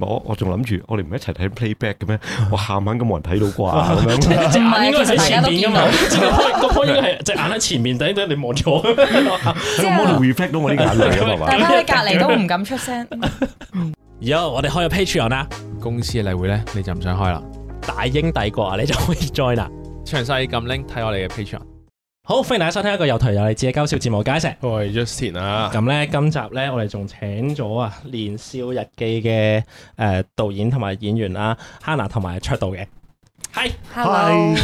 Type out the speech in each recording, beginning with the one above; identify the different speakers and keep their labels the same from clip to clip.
Speaker 1: 我仲諗住，我哋唔係一齊睇 playback 嘅咩？我下緊咁冇人睇到啩，咁隻 眼應該
Speaker 2: 喺前面噶嘛？呢應該係隻眼喺前面，點解你望咗，即係 reflect 到我呢眼嚟嘅嘛？大家喺隔籬都唔敢出聲。而家 我哋開個 Patreon 啦，公司嘅例會咧你就唔想開啦。大鷹帝國啊，你就可以 join 啦。詳細㩒 link 睇我哋嘅 Patreon。好，歡迎大家收聽一個又台又勵志嘅搞笑節目《解石》。我係 Justin 啊。咁咧，今集咧，我哋仲請咗啊《年少日記》嘅誒導演同埋演員啦 Hanna 同埋出道嘅。
Speaker 3: 係，係，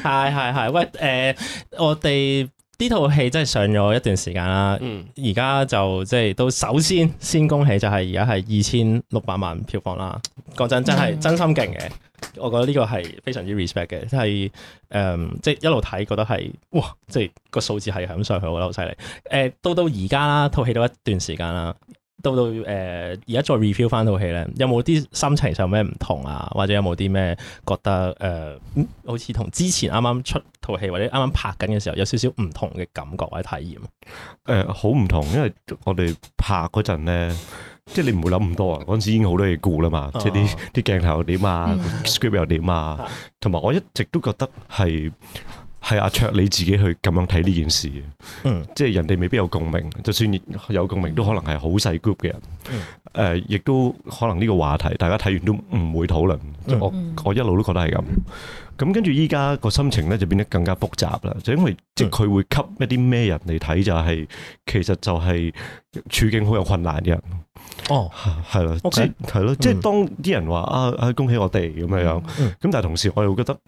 Speaker 2: 係，係，係。喂，誒、呃，我哋呢套戲真係上咗一段時間啦。嗯。而家就即係，都首先先恭喜，就係而家係二千六百萬票房啦。講真，真係真心勁嘅。嗯我覺得呢個係非常之 respect 嘅，即係誒，即係一路睇覺得係哇，即係個數字係咁上去，我覺得好犀利。誒、呃，到到而家啦，套戲都一段時間啦，到到誒，而家再 review 翻套戲咧，有冇啲心情上有咩唔同啊？或者有冇啲咩覺得誒、呃，好似同之前啱啱出套戲或者啱啱拍緊嘅時候有少少唔同嘅感覺或者體驗？誒、
Speaker 1: 呃，好唔同，因為我哋拍嗰陣咧。即係你唔會諗咁多啊！嗰陣時已經好多嘢估啦嘛，啊、即係啲啲鏡頭又點啊、嗯、script 又點啊，同埋、嗯、我一直都覺得係係阿卓你自己去咁樣睇呢件事、
Speaker 4: 嗯、
Speaker 1: 即係人哋未必有共鳴，就算有共鳴、嗯呃、都可能係好細 group 嘅人，誒，亦都可能呢個話題大家睇完都唔會討論、嗯，我我一路都覺得係咁。咁跟住依家個心情咧就變得更加複雜啦，就因為即係佢會吸引一啲咩人嚟睇、就係，就係其實就係處境好有困難嘅人。哦，係啦 了，即係係咯，即係了、嗯、當啲人話啊啊恭喜我哋咁樣樣，咁、嗯嗯、但係同時我又覺得。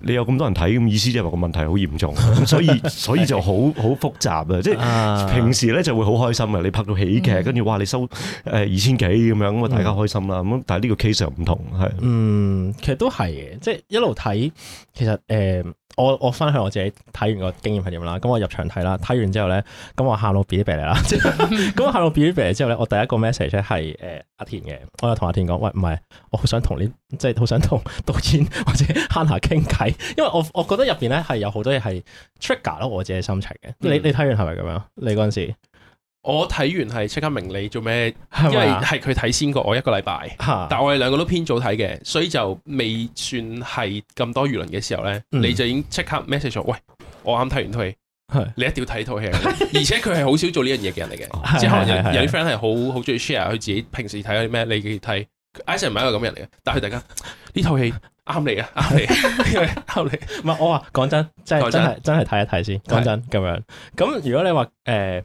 Speaker 1: 你有咁多人睇咁意思，即係話個問題好嚴重，咁 所以所以就好好複雜啊！ 即係平時咧就會好開心啊！你拍到喜劇，跟住哇，你收誒二千幾咁樣，咁、呃、啊大家開心啦！咁、嗯、但係呢個 case 又唔同，係嗯，其實都
Speaker 2: 係嘅，即、就、係、是、一路睇，其實誒。呃我我返去我自己睇完個經驗係點啦，咁我入場睇啦，睇完之後咧，咁我喊到 BB 嚟啦，咁 喊、嗯 嗯、到 BB 嚟之後咧，我第一個 message 咧係誒阿田嘅，我又同阿田講，喂，唔係，我好想同你，即係好想同導演或者 Hanna 傾偈，因為我我覺得入邊咧係有好多嘢係 trigger 到我自己心情嘅，你你睇完係咪咁樣？你嗰陣時？我睇完係即刻明你做咩，因為係佢睇先過我一個禮拜，但係我哋兩個都偏早睇嘅，所以就未算係咁多輿論嘅時候咧，你就已經即刻 message 喂，我啱睇完套戲，你一定要睇套戲，而且佢係好少做呢樣嘢嘅人嚟嘅，即可能有啲 friend 係好好中意 share 佢自己平時睇啲咩，你去睇，Ice 唔係一個咁嘅人嚟嘅，但係突然間呢套戲啱你啊，啱你，你，唔係我話講真，真係真係真係睇一睇先，講真咁樣，咁如果你話誒。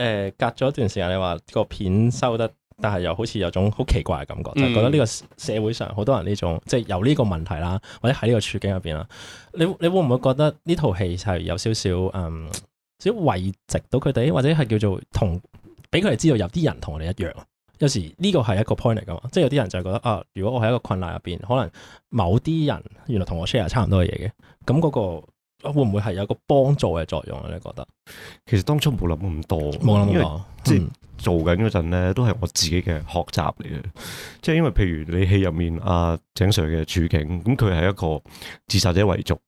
Speaker 2: 誒隔咗一段時間，你話個片收得，但係又好似有種好奇怪嘅感覺，嗯、就覺得呢個社會上好多人呢種，即係有呢個問題啦，或者喺呢個處境入邊啦，你你會唔會覺得呢套戲係有少少誒、嗯，少少慰藉到佢哋，或者係叫做同俾佢哋知道有啲人同我哋一樣？有時呢個係一個 point 嚟㗎嘛，即係有啲人就覺得啊，如果我喺一個困難入邊，可能某啲人原來同我 share 差唔多嘅嘢嘅，咁嗰個。會唔會係有個幫助嘅作用啊？你覺得其實當初冇
Speaker 1: 諗咁多，冇諗咁多、嗯、即係做緊嗰陣咧，都係我自己嘅學習嚟嘅。即係因為譬如你戲入面阿鄭、啊、Sir 嘅處境，咁佢係一個自殺者遺族，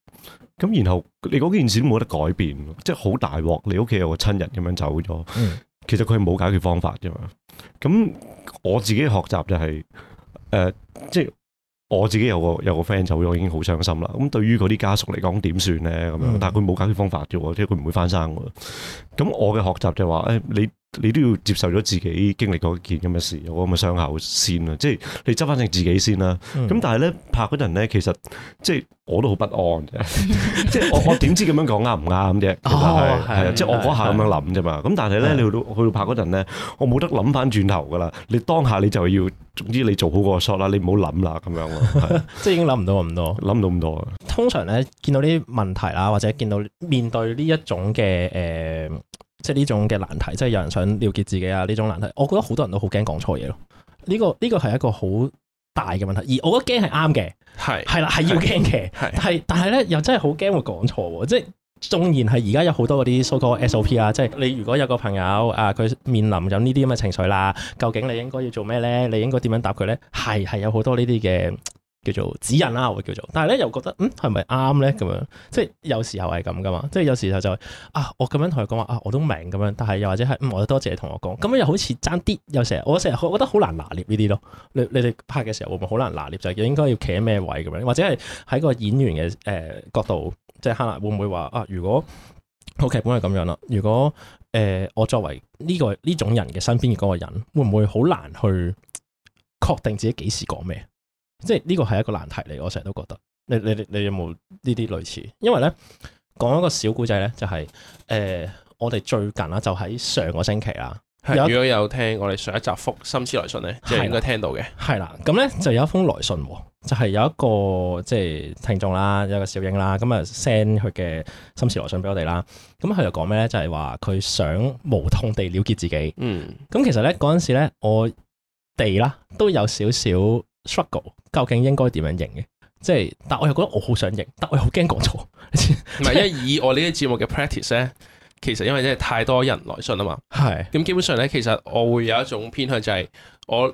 Speaker 1: 咁然後你嗰件事都冇得改變，即係好大鑊。你屋企有個親人咁樣走咗，嗯、其實佢係冇解決方法嘅嘛。咁我自己嘅學習就係、是、誒、呃，即係。我自己有個有個 friend 走咗，已經好傷心啦。咁對於嗰啲家屬嚟講，點算咧？咁樣，但係佢冇解決方法啫，即係佢唔會翻生喎。咁我嘅學習就係話，誒、哎、你你都要接受咗自己經歷過件咁嘅事，有咁嘅傷口先啊！即係你執翻正自己先啦。咁、嗯、但係咧拍嗰陣咧，其實即係我都好不安嘅， 即係我我點知咁樣講啱唔啱啫？係係、哦，即係是是我嗰下咁樣諗啫嘛。咁是但係咧，你去到去到拍嗰陣咧，我冇得諗翻轉頭噶啦。你當下你就要，總
Speaker 2: 之你做好個 shot 啦，你唔好諗啦，咁樣。 即係已經諗唔到咁多，諗唔到咁多。通常咧，見到呢啲問題啦、啊，或者見到面對呢一種嘅誒、呃，即係呢種嘅難題，即係有人想了結自己啊呢種難題，我覺得好多人都好驚講錯嘢咯。呢、這個呢、這個係一個好大嘅問題，而我覺得驚係啱嘅，係係啦，係要驚嘅，係是，但係但係咧又真係好驚會講錯喎。即係縱然係而家有好多嗰啲所謂 SOP 啊，即係、SO 啊、你如果有個朋友啊，佢面臨有呢啲咁嘅情緒啦，究竟你應該要做咩咧？你應該點樣答佢咧？係係有好多呢啲嘅。叫做指引啦，我會叫做，但係咧又覺得，嗯，係咪啱咧？咁樣，即係有時候係咁噶嘛，即係有時候就啊，我咁樣同佢講話啊，我都明咁樣，但係又或者係嗯，我多謝你同我講，咁樣又好似爭啲，有時我成日我覺得好難拿捏呢啲咯。你你哋拍嘅時候會唔會好難拿捏就應該要企喺咩位咁樣，或者係喺個演員嘅誒、呃、角度，即係可能會唔會話啊？如果好劇本係咁樣啦。如果誒、呃、我作為呢、這個呢種人嘅身邊嘅嗰個人，會唔會好難去確定自己幾時講咩？即係呢個係一個難題嚟，我成日都覺得。你你你有冇呢啲類似？因為咧，講一個小故仔咧，就係、是、誒、呃，我哋最近啦，就喺、是、上個星期啦。如果有聽我哋上一集《心事來信呢》咧，係應該聽到嘅。係啦，咁咧就有一封來信，就係、是、有一個即係、就是、聽眾啦，有一個小英啦，咁啊 send 佢嘅心事來信俾我哋啦。咁佢就講咩咧？就係話佢想無痛地了結自己。嗯。咁其實咧嗰陣時咧，我哋啦都有少少。struggle 究竟應該點樣贏嘅？即係，但我又覺得我好想贏，但我又好驚講錯。唔係，因為以我呢啲節目嘅 practice 咧，其實因為真係太多人來信啊嘛。係是。咁基本上咧，其實我會有一種偏向、就是，就係我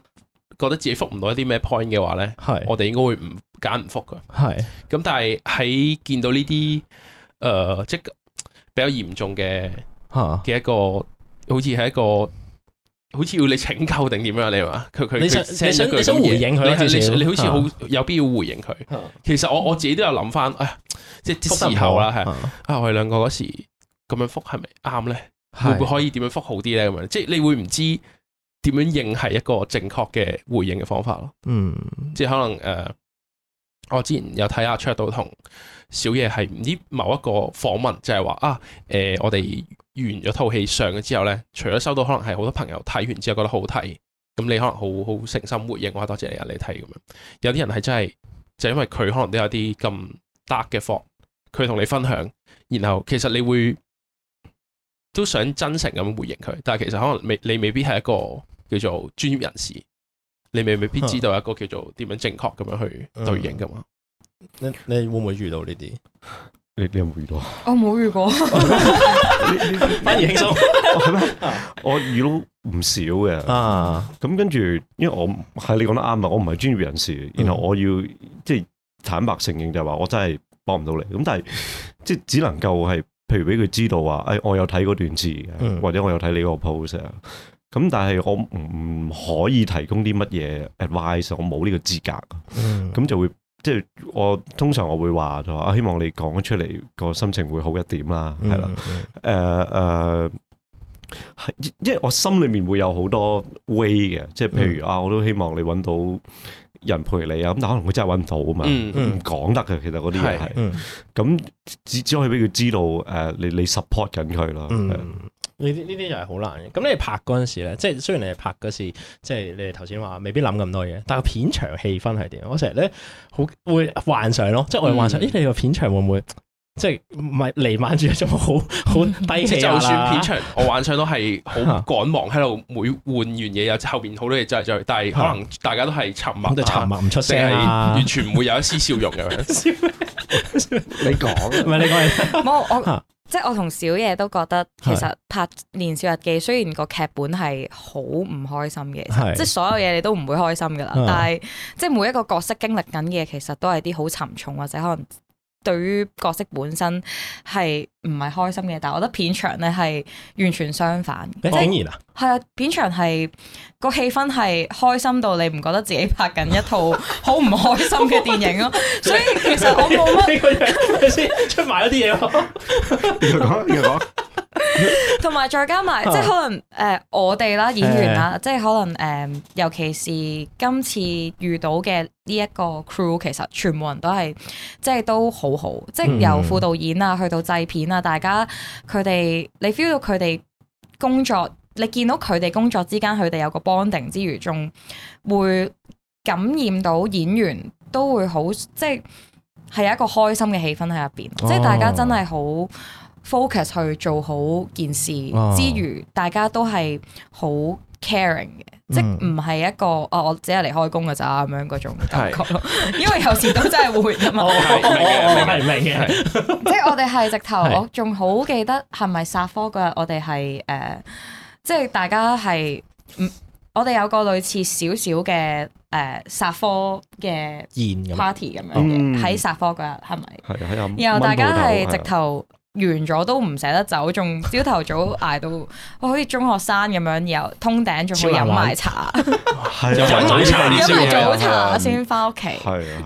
Speaker 2: 覺得自己覆唔到一啲咩 point 嘅話咧，係是我哋應該會唔揀唔覆噶。係。咁是但係喺見到呢啲，誒、呃，即比較嚴重嘅吓嘅一個，好似係一個。好似要你拯救定點樣啊？你話佢佢佢寫咗句你想回應佢，你好似好的有必要回應佢。的其實我的我自己都有諗翻，啊、哎，即係復信後啦，係啊，我哋兩個嗰時咁樣復係咪啱咧？的會唔會可以點樣復好啲咧？咁樣即係你會唔知點樣應係一個正確嘅回應嘅方法咯？的嗯，即係可能誒。呃我之前有睇下出到同小野係啲某一個訪問，就係、是、話啊，誒、呃，我哋完咗套戲上咗之後咧，除咗收到可能係好多朋友睇完之後覺得好睇，咁你可能好好誠心回應話多謝你你睇咁樣，有啲人係真係就是、因為佢可能都有啲咁得嘅貨，佢同你分享，然後其實你會都想真誠咁回應佢，但係其實可能未你未必係一個叫做專業人士。你未未必知道一個叫做點樣正確咁樣去對應噶嘛？嗯、你你會唔會遇到呢啲、嗯？你你有冇遇到？
Speaker 3: 我冇遇過， 反而輕鬆
Speaker 5: 係咩？
Speaker 1: 我遇到唔少嘅啊！咁跟住，因為我係你講得啱啊！我唔係專業人士，然後我要、嗯、即係坦白承認就係話，我真係幫唔到你。咁但係即係只能夠係，譬如俾佢知道話，哎，我有睇嗰段字，或者我有睇你個 post。嗯咁但係我唔可以提供啲乜嘢 advice，我冇呢個資格。咁、嗯、就會即係、就是、我通常我會話，話希望你講出嚟個心情會好一點、嗯、啦，係啦、嗯。誒誒、呃呃，因為我心裏面會有好多 way 嘅，即係譬如、嗯、啊，我都希望你揾到人陪你啊，咁但可能佢真係揾唔到啊嘛，唔講、嗯嗯、得嘅。其實嗰啲係，咁、嗯嗯、只只可以俾佢知道，誒、呃，你你，你 support 緊佢咯。嗯嗯。
Speaker 2: 就呢啲呢啲又係好難嘅。咁你拍嗰陣時咧，即係雖然你係拍嗰時，即係你哋頭先話未必諗咁多嘢。但係片場氣氛係點？我成日咧好會幻想咯，即係我幻想咦，你個片場會唔會即係唔係瀰漫住一種好好低氣啦？即就算片場，我幻想都係好趕忙喺度每換完嘢又後邊好多嘢再再，但係可能大家都係沉默，我哋沉默唔出聲，啊、完全唔會有一絲笑容
Speaker 4: 咁樣。你講，唔係你講。
Speaker 5: 即係我同小野都覺得，其實拍《年少日記》雖然個劇本係好唔開心嘅，是即係所有嘢你都唔會開心噶啦，嗯、但係即係每一個角色經歷緊嘅其實都係啲好沉重或者可能。對於角色本身係唔係開心嘅，但係我覺得片場咧係完全相反。當、嗯、是然啦，係啊，片場係個氣氛係開心到你唔覺得自己拍緊一套好唔開心嘅電影咯。 所以其實我冇乜， 係咪
Speaker 2: 先出埋一啲嘢？繼續講，繼續講。
Speaker 5: 同埋 再加埋，即係可能誒、呃，我哋啦，演員啦，嗯、即係可能誒、呃，尤其是今次遇到嘅呢一個 crew，其實全部人都係，即係都好好，即係由副導演啊，去到製片啊，大家佢哋，你 feel 到佢哋工作，你見到佢哋工作之間，佢哋有個 bonding 之餘，仲會感染到演員，都會好，即係有一個開心嘅氣氛喺入邊，哦、即係大家真係好。focus 去做好件事之餘，大家都係好 caring 嘅，即唔係一個哦，我只係嚟開工㗎咋咁樣嗰種感覺咯。因為有時都真係會啊嘛，係係未即係我哋係直頭，我仲好記得係咪殺科嗰日，我哋係誒，即係大家係嗯，我哋有個類似少少嘅誒殺科嘅 party 咁樣嘅，喺殺科嗰日係咪？係
Speaker 4: 係，然後大家係直
Speaker 5: 頭。完咗都唔捨得走，仲朝頭早挨到，我好似中學生咁樣又通頂，仲去飲埋茶，飲埋 早，早茶先翻屋企，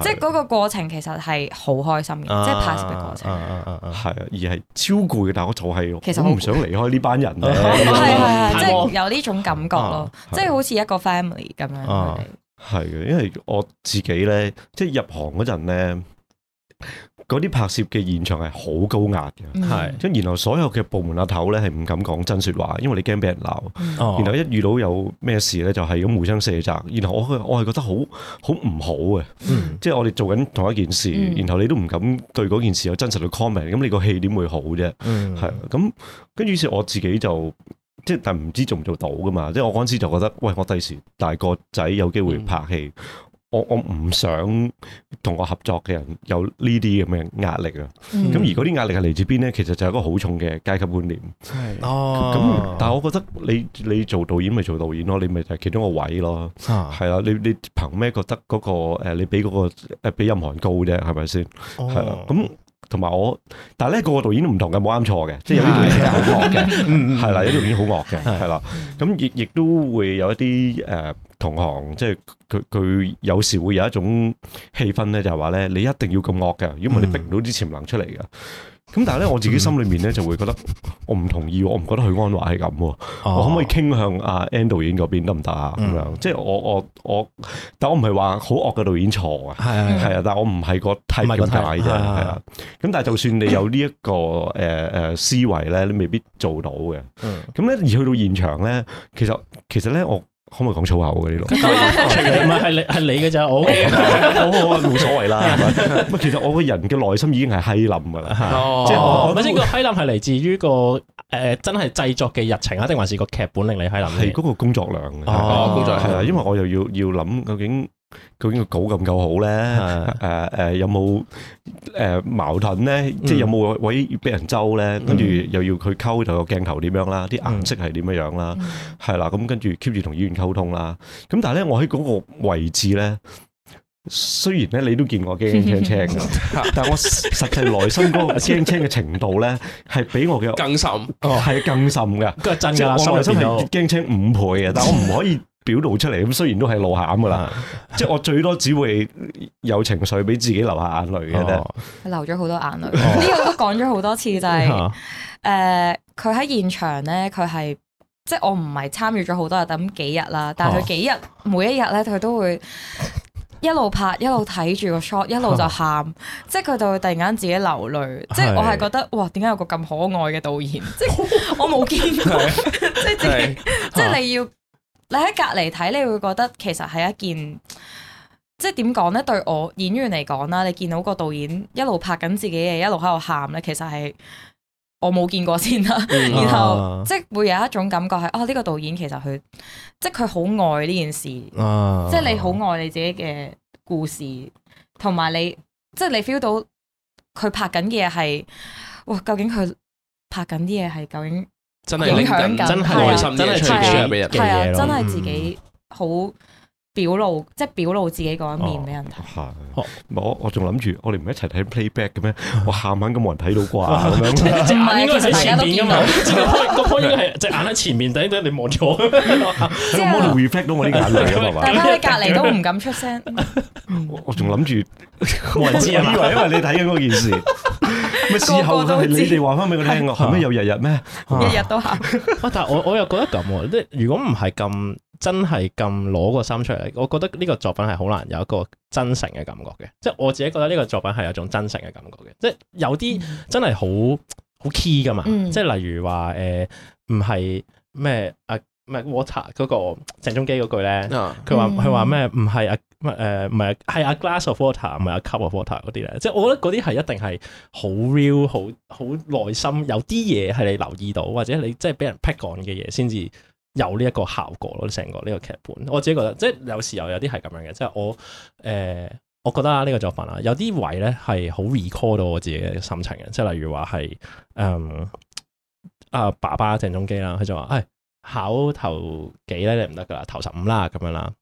Speaker 5: 即係嗰個過程其實係好開心嘅，啊、即係拍攝嘅過程，
Speaker 1: 係啊，而係超攰嘅，但係我就係、是，其實我唔想離開呢班人嘅，係係係，即係
Speaker 5: 有呢種感覺咯，即係好似一個 family 咁樣，
Speaker 1: 係啊，因為我自己咧，即係入行嗰陣咧。嗰啲拍攝嘅現場係好高壓嘅，係是，咁然後所有嘅部門阿頭咧係唔敢講真說話，因為你驚俾人鬧，哦、然後一遇到有咩事咧就係、是、咁互相卸責，然後我我係覺得好好唔好嘅，嗯、即係我哋做緊同一件事，嗯、然後你都唔敢對嗰件事有真實嘅 comment，咁你個戲點會好啫？係咁、嗯，跟住於是我自己就即係，但唔知做唔做到噶嘛？即係我嗰陣時就覺得，喂，我第時大個仔有機會拍戲。嗯我我唔想同我合作嘅人有呢啲咁嘅壓力啊，咁、嗯、而嗰啲壓力係嚟自邊咧？其實就係一個好重嘅階級觀念。
Speaker 4: 哦，咁但
Speaker 1: 係我覺得你你做導演咪做導演咯，你咪就係其中個位咯，係啊，你你憑咩覺得嗰、個誒你比嗰、個誒比任何人高啫？係咪先？係啊，咁、哦。嗯同埋我，但係咧，個個導演都唔同嘅，冇啱錯嘅， 即係有啲導演好惡嘅，嗯係啦，有啲導演好惡嘅，係啦，咁亦亦都會有一啲誒、呃、同行，即係佢佢有時會有一種氣氛咧，就係話咧，你一定要咁惡嘅，如果唔係你逼唔到啲潛能出嚟嘅。嗯咁但係咧，我自己心裏面咧就會覺得，我唔同意，我唔覺得許鞍華係咁，我可唔可以傾向阿 Ann 導演嗰邊得唔得啊？咁樣，即係我我我，但我唔係話好惡嘅導演錯啊，係啊，但係我唔係個太了解啫，係啊。咁但係就算你有呢一個誒誒思維咧，你未必做到嘅。咁咧而去到現場咧，其實其實咧我。可唔可以講粗口嘅呢度？
Speaker 4: 唔係係你
Speaker 2: 係你嘅咋， 我好，我我冇所謂啦。
Speaker 1: 唔係 其實我個人嘅內心已經係閪
Speaker 2: 冧噶啦， 是即係唔係先個閪冧係嚟自於個誒、呃、真係製作嘅日程啊，定還是個劇本令你閪冧？係嗰個工作量啊，哦、工作係啊，
Speaker 1: 因為我又要要諗究竟。究竟個稿咁夠好咧？誒誒，有冇誒矛盾咧？即係有冇位俾人揪咧？跟住又要佢溝，到個鏡頭點樣啦？啲顏色係點樣樣啦？係啦，咁跟住 keep 住同醫院溝通啦。咁但係咧，我喺嗰個位置咧，雖然咧你都見我驚青青，但係我實際內心嗰個驚青嘅程度咧，係比我嘅更深。哦，係更深嘅，真噶，我內心係驚青五倍嘅，但係我唔可以。表露出嚟咁，雖然都係路喊噶啦，即係我最多只會有情緒，俾自己流下眼淚嘅啫。
Speaker 5: 流咗好多眼淚，呢個都講咗好多次，
Speaker 4: 就
Speaker 5: 係誒，佢喺現場咧，佢係即係我唔係參與咗好多日，等幾日啦，但係佢幾日每一日咧，佢都會一路拍一路睇住個 shot，一路就喊，即係佢就會突然間自己流淚。即係我係覺得，哇，點解有個咁可愛嘅導演，即係我冇見過，即係即係，即係你要。你喺隔籬睇，你會覺得其實係一件，即係點講咧？對我演員嚟講啦，你見到個導演一路拍緊自己嘅，一路喺度喊咧，其實係我冇見過先啦。嗯、 然後、啊、即係會有一種感覺係，哦、啊、呢、呢個導演其實佢即係佢好愛呢件事，
Speaker 4: 啊、即係你好
Speaker 5: 愛你自己嘅故事，同埋你即係你 feel 到佢拍緊嘅嘢係，哇，究竟佢拍緊啲嘢係究竟？真係影響緊真係內心係啊，真係自己好、啊。表露，即係表露自己嗰一面俾人睇、啊哦。
Speaker 1: 我我仲諗住，我哋唔係一齊睇 playback 嘅咩？我喊緊咁冇人睇到啩？唔係應該喺前面噶嘛？個方應該係隻眼喺前
Speaker 2: 面，等一等你望咗，即係冇 reflect 到我啲眼淚啊嘛。大家
Speaker 1: 喺隔籬都
Speaker 5: 唔敢出聲。
Speaker 1: 我仲諗住冇人知，以為 因為你睇緊嗰件事，
Speaker 5: 咪事後你你話翻俾我聽咯，係咩有
Speaker 2: 日日咩？
Speaker 1: 日
Speaker 5: 日都喊。啊啊、但係我
Speaker 2: 我又覺得咁，即如果唔係咁。真係咁攞個心出嚟，我覺得呢個作品係好難有一個真誠嘅感覺嘅。即係我自己覺得呢個作品係有種真誠嘅感覺嘅。即係有啲真係好好 key 㗎嘛。嗯、即係例如話誒，唔係咩阿唔係 water 嗰個鄭中基嗰句咧，佢話佢話咩唔係啊，唔係誒唔係係阿 glass of water 唔係阿 cup of water 嗰啲咧。即係我覺得嗰啲係一定係好 real 好好，內心有啲嘢係你留意到，或者你即係俾人 pick 劈講嘅嘢先至有呢一個效果咯，成個呢個劇本，我自己覺得，即係有時候有啲係咁樣嘅，即係我誒、呃，我覺得啊呢個做法啦，有啲位咧係好 record 到我自己嘅心情嘅，即係例如話係誒啊爸爸鄭中基啦，佢就話唉，考頭幾咧你唔得噶啦，頭十五啦咁樣啦，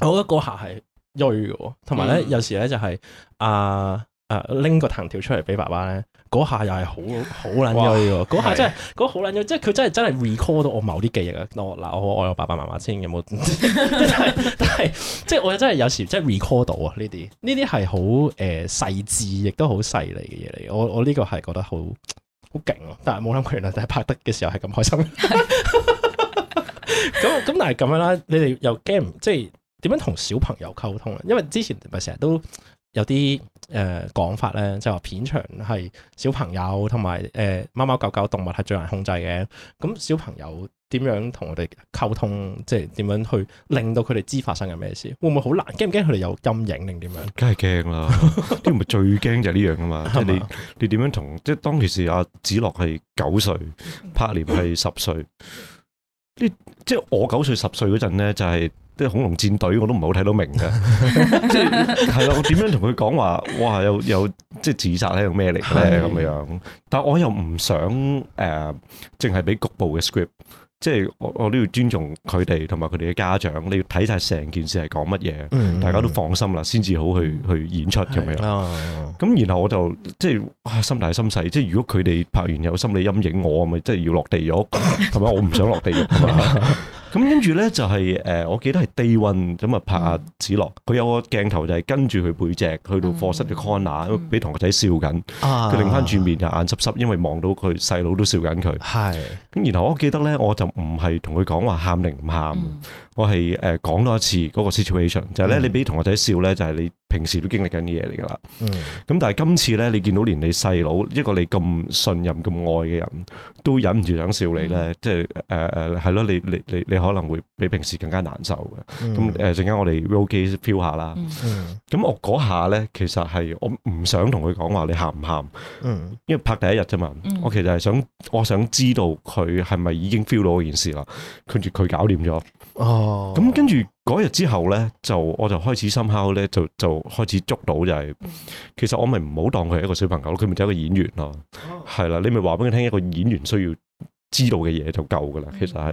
Speaker 2: 我覺得嗰下係衰嘅，同埋咧有時咧就係阿誒拎個藤條出嚟俾爸爸咧。嗰下又係好好撚閪喎，嗰哇下真係嗰好撚閪，即係佢真係真係 record 到我某啲記憶啊！嗱，我愛我，我，我，我爸爸媽媽先，有冇？但係即係我真係有時真係 record 到啊！呢啲呢啲係好誒細緻，亦都好細膩嘅嘢嚟。我我呢個係覺得好好勁咯！但係冇諗過原來係拍得嘅時候係咁開心。咁咁，但係咁樣啦，你哋又驚即係點樣同小朋友溝通啊？因為之前咪成日都。有啲誒、呃、講法咧，就話、是、片場係小朋友同埋誒貓貓狗狗動物係最難控制嘅。咁小朋友點樣同我哋溝通，即係點樣去令到佢哋知發生緊咩事？會唔會好難？驚唔驚佢哋有陰影定點樣？
Speaker 1: 梗係驚啦！啲人 最驚就係呢樣㗎嘛， 即係你你點樣同即係當其時阿梓樂係九歲，珀廉係十歲。啲 即係我九歲十歲嗰陣咧，就係、是。即係恐龍戰隊， 我都唔係好睇到明嘅，即係係啦。我點樣同佢講話？哇！有又即係自殺係咩嚟咧咁樣。但係我又唔想誒，淨係俾局部嘅 script。即係我我都要尊重佢哋同埋佢哋嘅家長，你要睇晒成件事係講乜嘢，大家都放心啦，先至好去去演出咁樣。咁然後我就即係心大心細，即係如果佢哋拍完有心理陰影，我咪即係要落地獄，係咪？我唔想落地獄。咁跟住咧就係誒，我記得係 Day one 咁啊拍阿子樂，佢有個鏡頭就係跟住佢背脊去到課室嘅 corner，俾同學仔笑緊，佢擰翻轉面就眼濕濕，因為望到佢細佬都笑緊佢。係咁，然後我記得咧，我就。唔係同佢講話喊定唔喊，我係誒講多一次嗰個 situation，就係、Mm-hmm. 你俾同學仔笑咧，就係、是、你。平時都經歷緊啲嘢嚟噶啦，咁、嗯、但係今次咧，你見到連你細佬一個你咁信任、咁愛嘅人都忍唔住想笑你咧，嗯、即係誒誒係咯，你你你你可能會比平時更加難受嘅。咁誒陣間我哋 roll 機 feel 下啦。咁、嗯嗯、我嗰下咧，其實係我唔想同佢講話你喊唔喊，嗯、因為拍第一日啫嘛。嗯、我其實係想，我想知道佢係咪已經 feel 到件事啦。跟住佢搞掂咗。
Speaker 4: 哦，咁
Speaker 1: 跟住嗰日之後咧，就我就開始深刻咧，就就開始捉到就係、是，其實我咪唔好當佢係一個小朋友，佢咪就係個演員咯，係啦、哦，你咪話俾佢聽一個演員需要知道嘅嘢就夠噶啦，其實係，咁、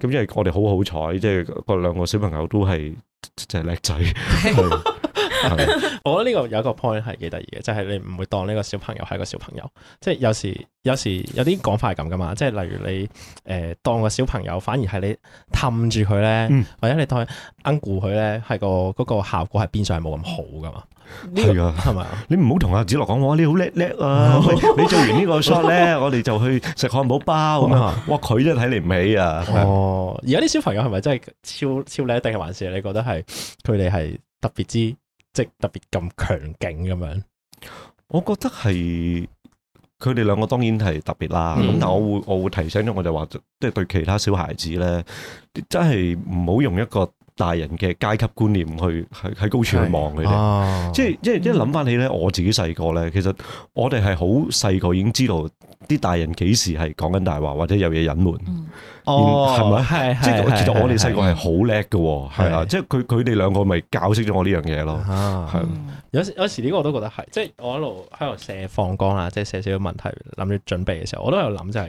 Speaker 1: 嗯、因為我哋好好彩，即係嗰兩個小朋友都係即係叻仔。的的
Speaker 2: 我覺得呢個有一個 point 係幾得意嘅，就係、是、你唔會當呢個小朋友係個小朋友，即係有，有時有時有啲講法係咁噶嘛，即係例如你誒、呃、當個小朋友，反而係你氹住佢咧，嗯、或者你當佢鞍顧佢咧，係個嗰、那個效果係變相係冇咁好噶嘛。係、嗯、就啊，係嘛吧？
Speaker 1: 你唔好同阿子樂講，哇！你好叻叻啊， 你做完個呢個 shot 咧，我哋就去食漢堡包咁啊！ 哇，佢真都睇你唔起啊！ 哦，而
Speaker 2: 家啲小朋友係咪真係超超叻定係還是？你覺得係佢哋係特別之？即係特別咁強勁咁樣，
Speaker 1: 我覺得係佢哋兩個當然係特別啦。咁、嗯、但係我會我會提醒咗，我就話即係對其他小孩子咧，真係唔好用一個。大人嘅階級觀念去喺喺高處望佢哋，啊、即係即係一諗翻起咧，我自己細個咧，嗯、其實我哋係好細個已經知道啲大人幾時係講緊大話，或者有嘢隱瞞。係咪、嗯？即、哦、係其實我哋細個係好叻㗎，係啊！即係佢佢哋兩個咪教識
Speaker 2: 咗我呢樣嘢咯。係的有時有時呢個我都覺得係，即、就、係、是、我一路喺度寫放光啊，即係寫少少問題諗住準備嘅時候，我都喺度諗就係、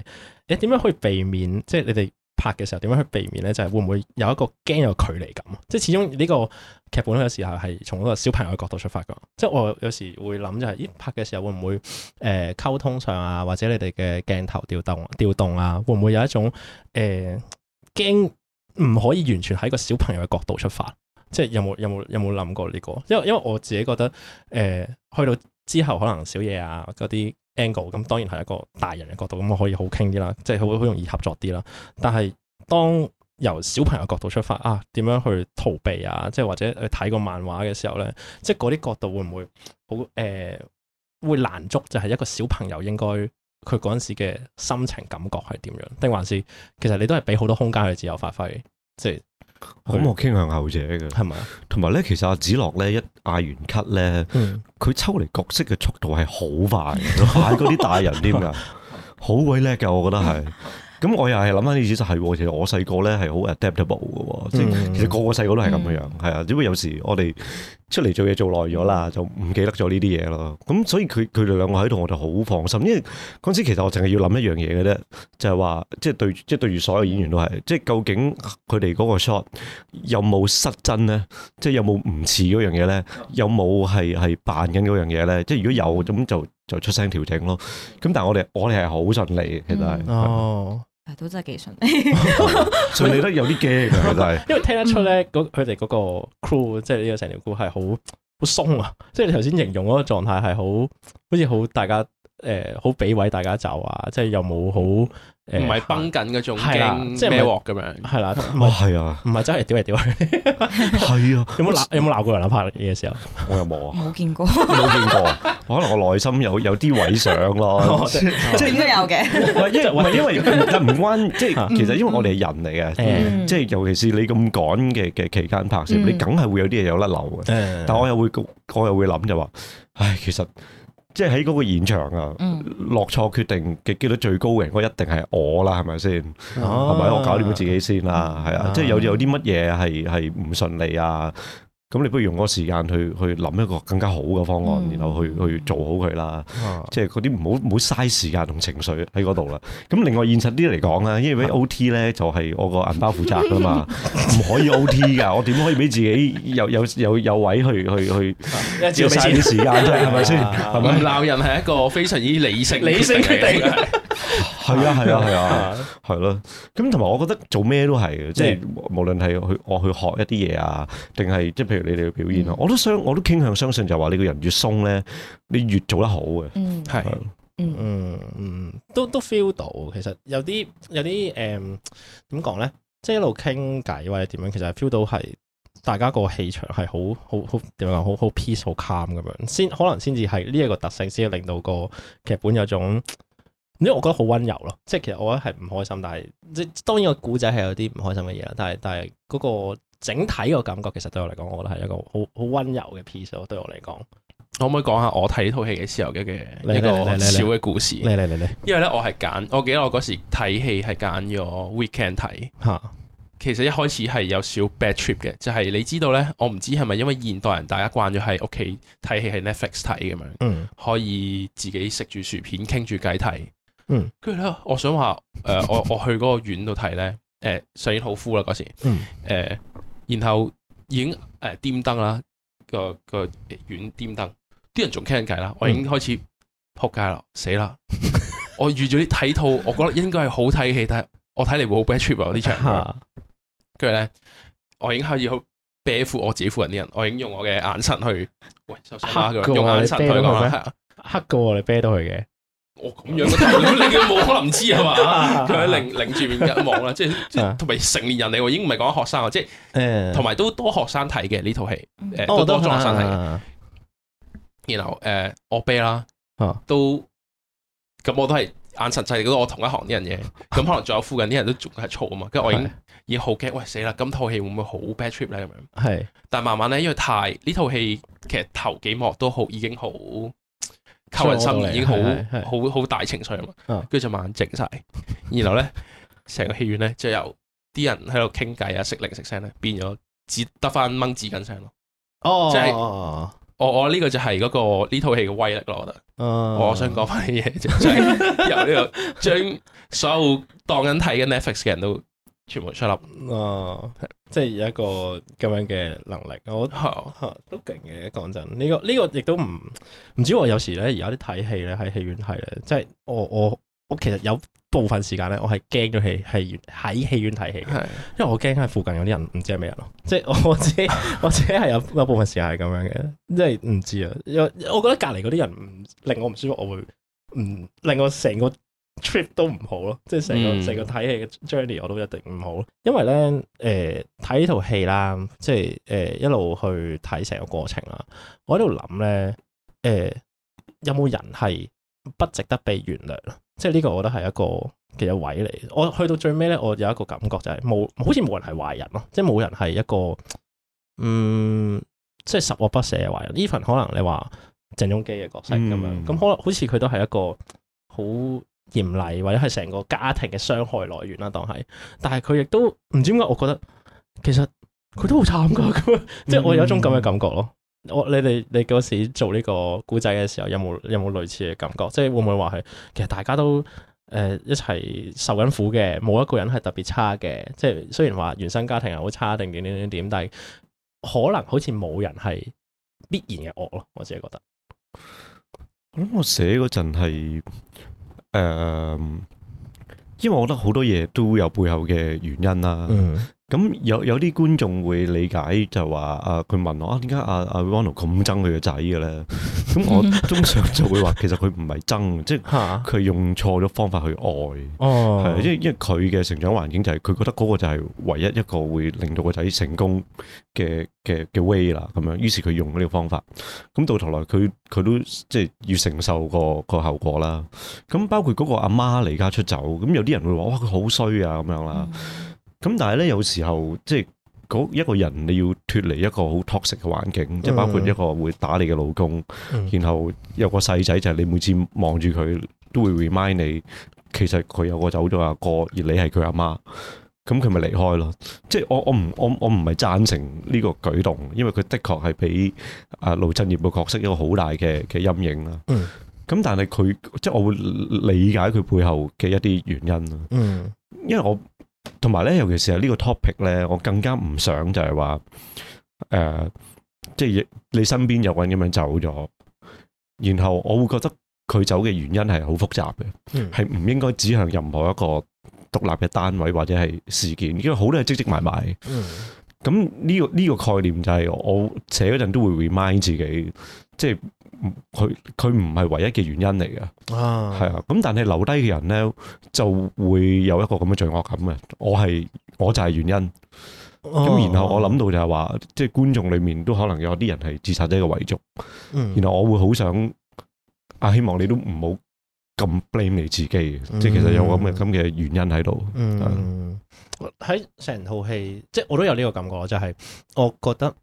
Speaker 2: 是，誒點樣可以避免即係、就是、你哋拍嘅時候點樣去避免呢？就係、是、會唔會有一個驚有個距離感？即係始終呢個劇本有時候係從一個小朋友嘅角度出發嘅。即係我有時會諗就係、是，咦拍嘅時候會唔會誒、呃、溝通上啊，或者你哋嘅鏡頭調動、啊、調動啊，會唔會有一種誒驚唔可以完全喺個小朋友嘅角度出發？即係有冇有冇有冇諗過呢、這個？因為因為我自己覺得誒、呃、去到之後可能小嘢啊嗰啲。Angle 咁當然係一個大人嘅角度，咁我可以好傾啲啦，即係好好容易合作啲啦。但係當由小朋友角度出發啊，點樣去逃避啊？即係或者去睇個漫畫嘅時候咧，即係嗰啲角度會唔會好誒、呃、會難捉，就係一個小朋友應該佢嗰陣時嘅心情感覺係點樣？定還是其實你都係俾好多空間去自由發揮，即係。
Speaker 1: 咁我傾向後者嘅，係咪啊？同埋咧，其實阿子樂咧一嗌完 cut 咧，佢、嗯、抽離角色嘅速度係好快，吓嗰啲大人添噶，好鬼叻噶，我覺得係。咁 我又係諗翻啲意思，就係其實我細個咧係好 adaptable 嘅，嗯、即係其實個個細個都係咁嘅樣，係啊、嗯。只不過有時我哋。出嚟做嘢做耐咗啦，就唔記得咗呢啲嘢咯。咁所以佢佢哋兩個喺度，我就好放心。因為嗰陣時其實我淨係要諗一樣嘢嘅啫，就係話即係對即係對住所有演員都係，即係究竟佢哋嗰個 shot 有冇失真咧？即係有冇唔似嗰樣嘢咧？有冇係係扮緊嗰樣嘢咧？即係如果有咁就就出聲調整咯。咁但係我哋我哋係好順利，其實係。嗯哦
Speaker 5: 都真係幾順利，順
Speaker 3: 得有
Speaker 2: 啲驚其實係，因為聽得出咧，佢哋嗰個 crew，即係呢個成條股係好好鬆啊，即係你頭先形容嗰個狀態係好，好似好大家誒好俾位大家走啊，即係又冇好。 唔係崩緊嗰種，即係咩鑊咁樣？係啦，哇，係啊，唔係真係屌嚟屌去，係啊！有冇鬧有冇鬧
Speaker 1: 過人拍嘢嘅時候？我又冇啊？冇見過，冇見過。可能我內心有有啲位想咯，即係應
Speaker 5: 該有嘅。唔係因為
Speaker 1: 唔關，即係其實因為我哋係人嚟嘅，即係尤其是你咁趕嘅嘅期間拍攝，你梗係會有啲嘢有甩漏嘅。但我又會我又會諗就話，唉，其實。即係喺嗰個現場啊，嗯、落錯決定嘅機率最高嘅，人一定係我啦，係咪先？係咪、啊、我搞掂咗自己先啦？係、嗯、啊，即係有有啲乜嘢係係唔順利啊？咁你不如用嗰個時間去去諗一個更加好嘅方案，嗯、然後去去做好佢啦。啊、即係嗰啲唔好唔好嘥時間同情緒喺嗰度啦。咁另外現實啲嚟講咧，因為 O T 咧就係我個銀包負責噶嘛，唔、嗯、可以 O T 噶。 我點可以俾自己有有有有位去去去？嘥啲、啊、時間即係係咪先？唔
Speaker 2: 鬧人係一個非常之理性理性決定。 係 啊，係啊，係啊，
Speaker 1: 係咯，咁同埋我覺得做咩都係即係無論係去我去學一啲嘢啊，定係即係譬如你哋嘅表演啊、嗯，我都相我都傾向相信就係話你個人越鬆咧，你越做得好嘅，、嗯是嗯。嗯，係，嗯嗯嗯，
Speaker 2: 都都 feel 到，其實有啲有啲誒，點講咧，即、嗯、係、就是、一路傾偈或者點樣，其實 feel 到係大家個氣場係好好好點樣，好好 peace 好 calm 咁樣，先可能先至係呢一個特性先令到個劇本有種。因為我覺得好温柔咯，即係其實我覺得係唔開心，但係即係當然個古仔係有啲唔開心嘅嘢啦。但係但係嗰個整體個感覺其實對我嚟講，我覺得係一個好好温柔嘅 piece。對我嚟講，可唔可以講下我睇套戲嘅時候嘅一個小嘅故事？嚟嚟嚟，因為咧我係揀，我記得我嗰時睇戲係揀咗 Weekend 睇嚇。啊、其實一開始係有少 bad trip 嘅，就係、是、你知道咧，我唔知係咪因為現代人大家慣咗喺屋企睇戲喺 Netflix 睇咁樣，嗯、可以自己食住薯片傾住偈睇。嗯，跟住咧，我想話，誒，我我去嗰個院度睇咧，誒，上演好敷啦嗰時，誒，然後已經誒點燈啦，個個院掂燈，啲人仲傾緊偈啦，我已經開始扑街啦，死啦！我預咗啲睇套，我覺得應該係好睇嘅戲，但係我睇嚟會好 bad trip 啊啲場，跟住咧，我已經開始 bad 敷我自己附近啲人，我已經用我嘅眼神去黑用眼神去，黑個你 bad 到佢嘅。我咁、哦、樣，你冇 可能唔知係嘛？佢喺擰擰住面入望啦，即係同埋成年人嚟，我已經唔係講學生啊，即係同埋都多學生睇嘅呢套戲，誒，都、哦、多學生睇。哦啊、然後誒、呃，我啤啦，啊、都咁我都係眼神就係嗰我同一行呢樣嘢，咁可能仲有附近啲人都仲係嘈啊嘛，跟住我已已好驚，喂死啦！咁套戲會唔會好 bad trip 咧？咁樣係，但係慢慢咧，因為太呢套戲，其實頭幾幕都好，已經好。扣人心弦已經好好好大情緒啊嘛，跟住就慢靜晒，然後咧成個戲院咧就由啲人喺度傾偈啊、食零食聲咧變咗只得翻掹紙巾聲咯。哦，即係、就是、我我呢個就係嗰、那個呢套戲嘅威力咯，我覺得。哦、我想講翻啲嘢就係、 由呢度將所有當緊睇緊 Netflix 嘅人都。全部出立啊！哦嗯、即係有一個咁樣嘅能力，我、哦嗯、都勁嘅。講真，呢、呢個呢、呢個亦都唔唔知我有時咧，而家啲睇戲咧喺戲院睇咧，即係我我我其實有部分時間咧，我係驚咗戲，係喺戲院睇戲，的因為我驚係附近有啲人唔知係咩人咯。嗯、即係我，我知， 我即係有有部分時間係咁樣嘅，即係唔知啊！因為我覺得隔離嗰啲人唔令我唔舒服，我會唔令我成個。trip 都唔好咯，即係成個成個睇戲嘅 journey 我都一定唔好，因為咧，誒、呃，睇呢套戲啦，即係誒、呃、一路去睇成個過程啦，我喺度諗咧，誒、呃，有冇人係不值得被原諒？即係呢個我覺得係一個嘅一位嚟。我去到最尾咧，我有一個感覺就係冇，好似冇人係壞人咯，即係冇人係一個，嗯，即係十惡不赦嘅壞人。呢份可能你話鄭中基嘅角色咁、嗯、樣，咁可能好似佢都係一個好。嚴厲或者係成個家庭嘅傷害來源啦，當係，但係佢亦都唔知點解，我覺得其實佢都好慘噶，咁、嗯、 即係我有一種咁嘅感覺咯。嗯、我你哋你嗰時做呢個古仔嘅時候，有冇有冇類似嘅感覺？即係會唔會話係其實大家都誒、呃、一齊受緊苦嘅，冇一個人係特別差嘅。即係雖然話原生家庭係好差定點點點點，但係可能好似冇人係必然嘅惡咯。我自己覺得，
Speaker 1: 我諗我寫嗰陣係。誒，um, 因為我覺得好多嘢都有背後嘅原因啦。嗯咁有有啲觀眾會理解就話啊，佢問我啊，點解阿啊 Ronald 咁憎佢個仔嘅咧？咁 我通常就會話，其實佢唔係憎，即係佢用錯咗方法去愛。哦、啊，係，因為因為佢嘅成長環境就係佢覺得嗰個就係唯一一個會令到個仔成功嘅嘅嘅 way 啦。咁樣，於是佢用咗呢個方法。咁到頭來，佢佢都即係要承受、嗰個、嗰個後果啦。咁包括嗰個阿媽離家出走，咁有啲人會話哇，佢好衰啊咁樣啦。嗯咁但係咧，有時候即係嗰一個人你要脫離一個好 toxic 嘅環境，即係、mm hmm. 包括一個會打你嘅老公，mm hmm. 然後有個細仔就係、是、你每次望住佢都會 remind 你，其實佢有個走咗阿哥、哥，而你係佢阿媽，咁佢咪離開咯？即係我我唔我我唔係贊成呢個舉動，因為佢的確係俾阿盧振業個角色一個好大嘅嘅陰影啦。咁、mm hmm. 但係佢即係我會理解佢背後嘅一啲原因啦。嗯、mm，hmm. 因為我。同埋咧，尤其是係呢個 topic 咧，我更加唔想就係話，誒、呃，即係你身邊有人咁樣走咗，然後我會覺得佢走嘅原因係好複雜嘅，係唔、嗯、應該指向任何一個獨立嘅單位或者係事件，因為好多係積積埋埋，埋。咁呢、嗯，這個呢、這個概念就係我寫嗰陣都會 remind 自己，即係。佢佢唔係唯一嘅原因嚟嘅，係啊，咁但係留低嘅人咧，就會有一個咁嘅罪惡感嘅。我係我就係原因，咁、啊、然後我諗到就係話，即係觀眾裏面都可能有啲人係自殺者嘅遺族，嗯、然後我會好想啊，希望你都唔好咁 blame 你自己即係、嗯、其實有咁嘅咁嘅原因喺度。嗯，
Speaker 2: 喺成套戲，即係我都有呢個感覺，就係我覺得。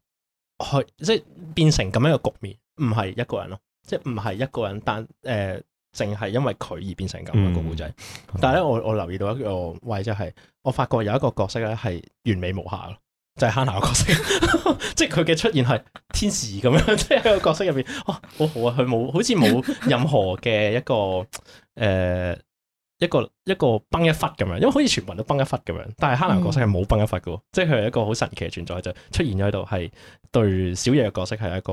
Speaker 2: 係即係變成咁樣嘅局面，唔係一個人咯，即係唔係一個人，但誒，淨、呃、係因為佢而變成咁嘅古仔。但係咧，我我留意到一個位就係、是，我發覺有一個角色咧係完美無瑕咯，就係漢娜嘅角色， 即係佢嘅出現係天使咁樣，即係一個角色入邊，哇、哦，好好啊，佢冇好似冇任何嘅一個誒。呃一個一個崩一忽咁樣，因為好似全部人都崩一忽咁樣，但係漢娜角色係冇崩一忽嘅，嗯、即係佢係一個好神奇嘅存在就出現咗喺度，係對小野嘅角色係一個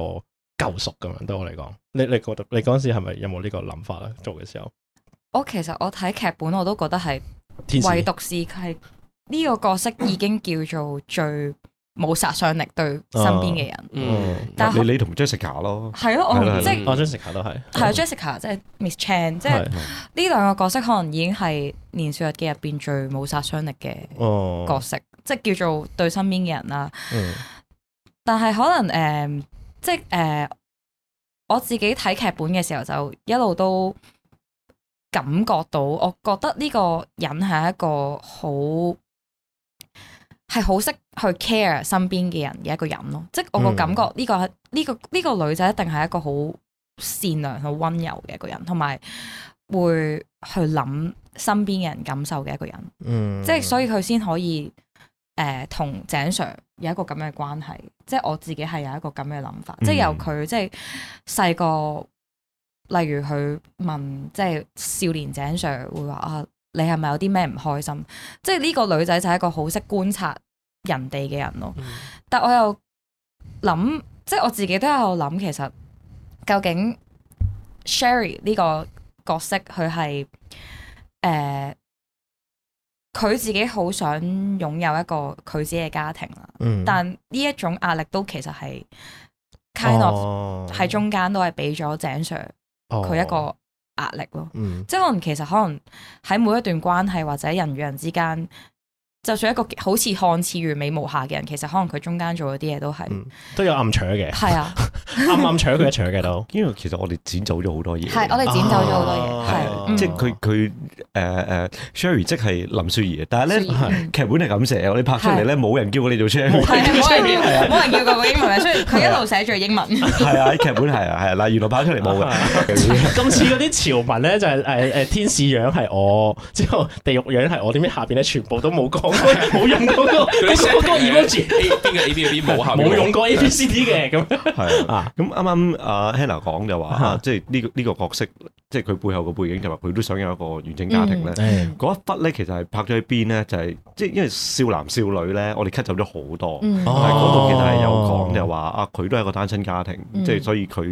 Speaker 2: 救贖咁樣。對我嚟講，你你覺得你嗰陣時係咪有冇呢個諗法咧？做嘅時候，
Speaker 5: 我其實我睇劇本我都覺得係唯獨是佢係呢個角色已經叫做最天使。 冇殺傷力對身邊嘅人，但係你
Speaker 1: 同 Jessica 咯，係咯，我即係，Jessica 都係，係啊，Jessica
Speaker 5: 即係 Miss Chan，即係呢兩個角色可能已經係《年少日記》入邊最冇殺傷力嘅角色，即係叫做對身邊嘅人啦。但係可能誒，即係誒，我自己睇劇本嘅時候就一路都感覺到，我覺得呢個人係一個好。係好識去 care 身邊嘅人嘅一個人咯，即係我個感覺，呢、嗯這個呢、這個呢、這個女仔一定係一個好善良、好溫柔嘅一個人，同埋會去諗身邊嘅人感受嘅一個人。嗯，
Speaker 4: 即係
Speaker 5: 所以佢先可以誒同鄭 Sir 有一個咁嘅關係。即係我自己係有一個咁嘅諗法，嗯、即係由佢即係細個，例如佢問，即係少年鄭 Sir 會話啊。你係咪有啲咩唔開心？即係呢個女仔就係一個好識觀察人哋嘅人咯。嗯、但我又諗，即係我自己都有諗，其實究竟 Sherry 呢個角色，佢係誒佢自己好想擁有一個佢自己嘅家庭啦。嗯、但呢一種壓力都其實係 kind of 喺、哦、中間都係俾咗鄭 Sir 佢一個。壓力咯，嗯、即係可能，其實可能喺每一段關係或者人與人之間。就算一個好似看似完美無瑕嘅人，其實可能佢中間做咗啲嘢都係
Speaker 2: 都有暗搶嘅。
Speaker 1: 係啊，啱啱搶佢一搶嘅都，因為其實我哋剪走咗好多嘢。我哋剪走咗好多嘢。即係佢佢誒誒 Sherry 即係林雪兒，但係咧劇本係咁寫，我哋拍出嚟咧冇人叫過你做 Sherry，冇人
Speaker 5: 叫，冇人叫過個英文，所以佢一路寫住英文。係啊，
Speaker 2: 劇本係啊係嗱原來拍出嚟冇嘅。今次嗰啲潮文咧就係誒誒天使樣係我，之後地獄樣係我，點解下邊咧全部都冇講？
Speaker 3: 冇用嗰個，嗰個 e m o
Speaker 2: j A，B A B C 冇冇用過 A B C D 嘅，
Speaker 1: 咁，係啊，咁啱啱阿 Hannah 講就話，即係呢個呢個角色，即係佢背後嘅背景就話佢都想有一個完整家庭咧。嗰一忽咧，其實係拍咗喺邊咧，就係即係因為少男少女咧，我哋 cut 走咗好多，但係嗰度其實係有講就話啊，佢都係一個單身家庭，即係所以佢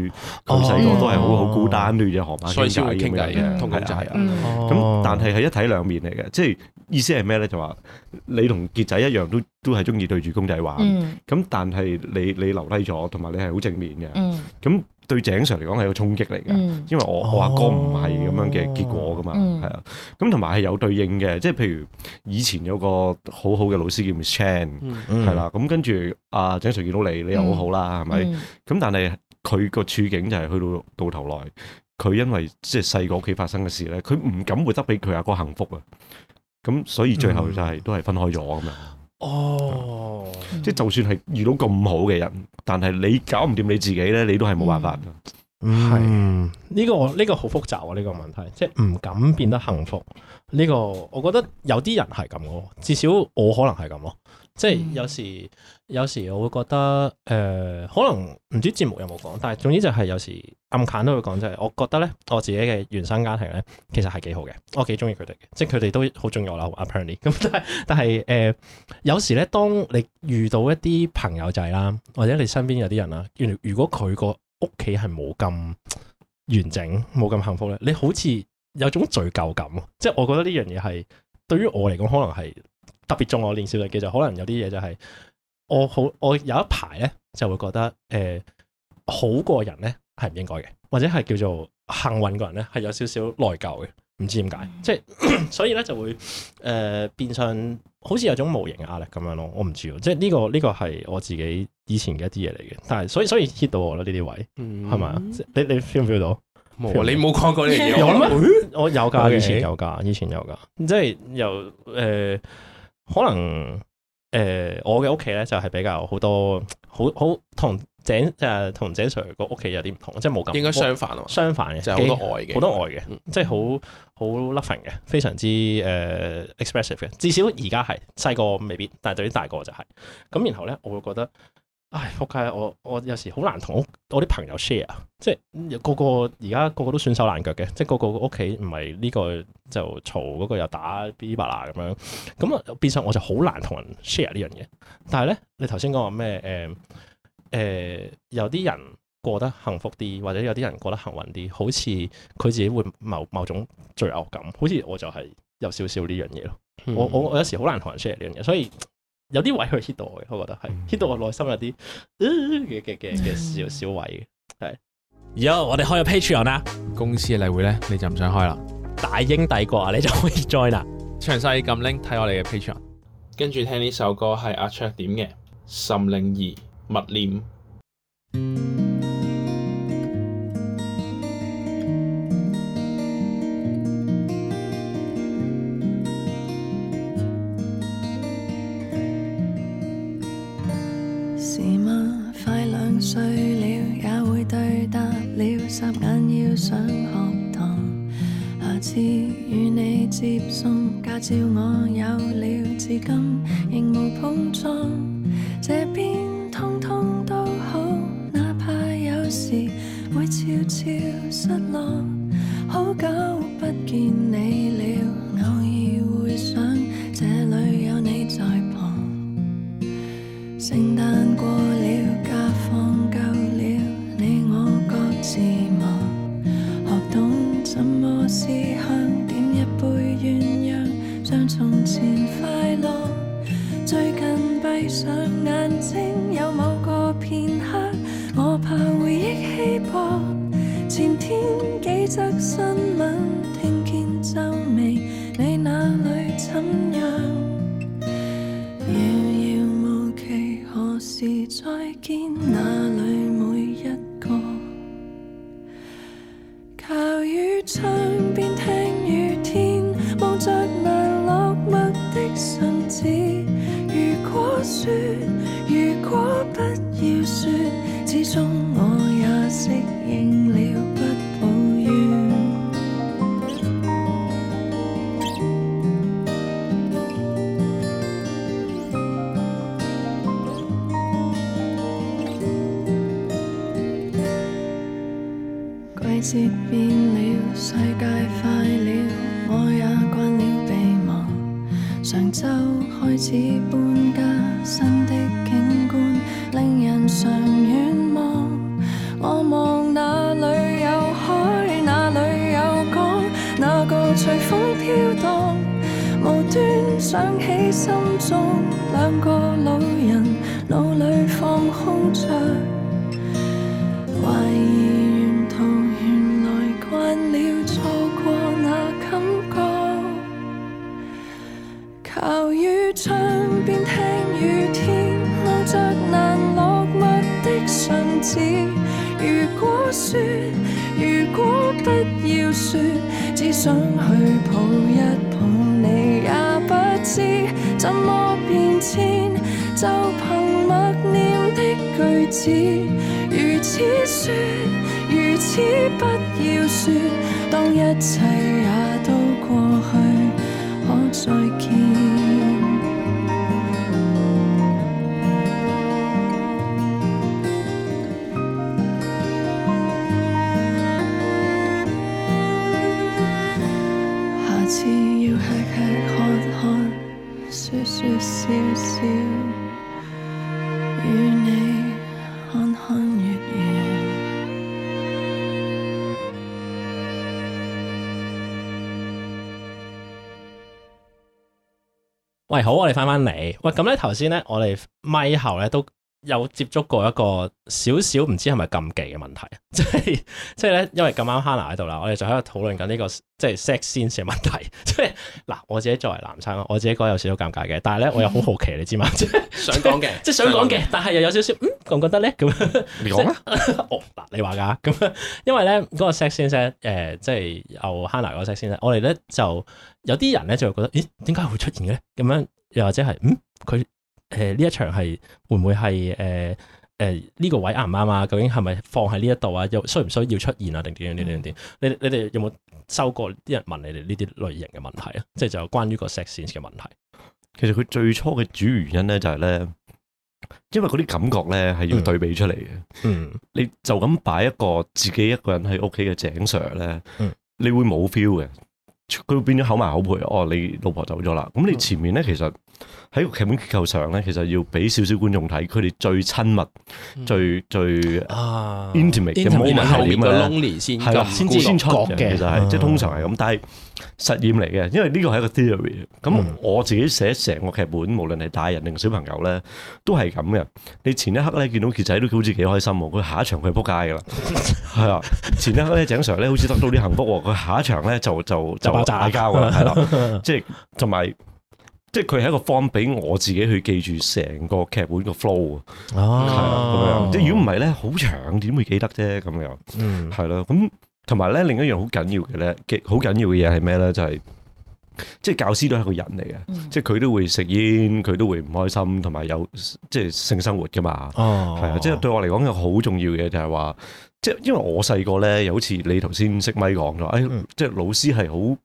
Speaker 1: 咁細個都係好好孤單都要有航班傾偈嘅，同佢就係咁，但係係一體兩面嚟嘅，即係意思係咩咧？就話。你同杰仔一樣，都都係中意對住公仔玩。咁、嗯、但係你你留低咗，同埋你係好正面嘅。咁、嗯、對鄭 Sir 嚟講係個衝擊嚟嘅，嗯、因為我我阿、哦、哥唔係咁樣嘅結果噶嘛，係、嗯、啊。咁同埋係有對應嘅，即係譬如以前有個好好嘅老師叫 Miss Chan 係啦、嗯。咁跟住啊，鄭、啊、Sir 見到你，你又好好啦，係咪？咁但係佢個處境就係去到到頭來，佢因為即係細個屋企發生嘅事咧，佢唔敢活得比佢阿哥幸福啊。咁所以最後就係都係分開咗咁樣。哦、嗯，對即係就算係遇到咁好嘅人，嗯、但係你搞唔掂
Speaker 2: 你自己咧，你都係冇辦法。
Speaker 4: 係、嗯，
Speaker 2: 呢是、個呢、個好複雜啊！呢、個問題，即係唔敢變得幸福。呢、嗯、個我覺得有啲人係咁咯，至少我可能係咁咯。嗯、即係有時。有時我會覺得，誒、呃，可能唔知節目有冇講，但係總之就係有時暗坎都會講，就係我覺得咧，我自己嘅原生家庭咧，其實係幾好嘅，我幾中意佢哋嘅，即係佢哋都好中意我啦，Apparently。咁 app 但係但係，誒、呃，有時咧，當你遇到一啲朋友仔啦，或者你身邊有啲人啦，原來如果佢個屋企係冇咁完整，冇咁幸福咧，你好似有種罪疚感，即係我覺得呢樣嘢係對於我嚟講，可能係特別中我年少嘅，其實可能有啲嘢就係、是。我好，我有一排咧就會覺得誒、呃、好過人咧係唔應該嘅，或者係叫做幸運個人咧係有少少內疚嘅，唔知點解、嗯呃，即係所以咧就會誒變相，好似有種無形嘅壓力咁樣咯，我唔知，即係呢個呢個係我自己以前嘅一啲嘢嚟嘅，但係所以所以 hit 到我啦呢啲位，係咪啊？你你 feel 唔 feel 到？冇，你冇講有過呢樣嘢有咩？我有噶，以前有噶，以前有噶，即係由誒可能。誒、呃，我嘅屋企咧就係比較好多，好好同姐誒同、呃、姐 Sir 個屋企有啲唔同，即係冇咁應該相反喎，相反嘅，好多愛嘅，好多愛嘅，嗯、即係好好 loving 嘅，非常之誒、呃、expressive 嘅，至少而家係細個未必，但係對於大個就係、是、咁。然後咧，我會覺得。唉，仆街、哎！我我有時好難同我我啲朋友 share，即係個個而家個個都損手爛腳嘅，即係個個屋企唔係呢個就嘈，嗰個又打噼哩啪啦咁樣，咁啊變相我就好難同人 share 呢樣嘢。但係咧，你頭先講話咩？誒、呃、誒，有啲人過得幸福啲，或者有啲人過得幸運啲，好似佢自己會某某種罪惡感，好似我就係有少少呢樣嘢咯。我我我有時好難同人 share 呢樣嘢，所以。有啲位去 hit 到嘅，我覺得係 hit 到我內心有啲嘅嘅嘅嘅少少委屈，係。而家我哋開個 Patreon 啦，公司嘅例會咧，你就唔想開啦。大英帝國啊，你就可以 join 啦。詳細咁拎睇我哋嘅 Patreon。跟住聽呢首歌係阿卓點嘅《岑寧兒勿念》。
Speaker 6: 上學堂，下次與你接送駕照我有了，至今仍無碰撞。這邊通通都好，哪怕有時會悄悄失落。好久不見你了。中。
Speaker 2: 我哋翻翻嚟，喂咁咧，頭先咧，我哋咪後咧都有接觸過一個少少唔知係咪禁忌嘅問題，即係即係咧，因為咁啱 Hannah 喺度啦，我哋就喺度討論緊、這、呢個即係 sex scene 嘅問題，即係嗱，我自己作為男生，我自己覺得有少少尷尬嘅，但係咧我又好好奇、嗯、你知嘛， 即係想講嘅，即係想講嘅，但係又有少少，嗯，覺唔覺得咧？咁你講啦， 哦嗱，你話噶，咁因為咧嗰、那個 sex scene，誒，即係由 Hannah 嗰個 sex scene，我哋咧就有啲人咧就會覺得，咦，點解會出現嘅咧？咁樣。又或者係，嗯，佢、誒，呢一場係會唔會係誒、誒呢個位啱唔啱啊？究竟係咪放喺呢一度啊？又需唔需要出現啊？定點樣點樣點、嗯？你你哋有冇收過啲人問你哋呢啲類型嘅問題啊？即係就關於個 sex scene 嘅問題。嗯、
Speaker 1: 問題其實佢最初嘅主要原因咧就係咧，因為嗰啲感覺咧係要對比出嚟嘅、嗯。嗯，你就咁擺一個自己一個人喺屋企嘅景象咧，你會冇 feel 嘅。嗯佢會變咗口埋口陪哦！你老婆走咗啦，咁你前面咧其實喺個劇本結構上咧，其實要俾少少觀眾睇，佢哋最親密、嗯、最最 int 啊 intimate 嘅，moment 係點樣冇埋後面個窿連先，先至先覺嘅，其實係即係通常係咁，啊、但係。實驗嚟嘅，因為呢個係一個 theory。咁我自己寫成個劇本，無論係大人定小朋友咧，都係咁嘅。你前一刻咧見到杰仔都好似幾開心，佢下一場佢係撲街噶啦係啊， 前一刻咧鄭 Sir 咧好似得到啲幸福，佢下一場咧就就就打交啦，即係同埋即係佢係一個方俾我自己去記住成個劇本個 flow 啊。係啦，即係如果唔係咧，好長點會記得啫？咁樣，樣、嗯、樣，嗯，係、嗯、咯，咁、嗯。嗯嗯同埋咧，另一樣好緊要嘅咧，好緊要嘅嘢係咩咧？就係、是、即係教師都係一個人嚟嘅，嗯、即係佢都會食煙，佢都會唔開心，同埋有，有即係性生活噶嘛。係啊，即係對我嚟講有好重要嘅嘢就係話，即係因為我細個咧，又好似你頭先熄咪講咗，誒、哎，嗯、即係老師係好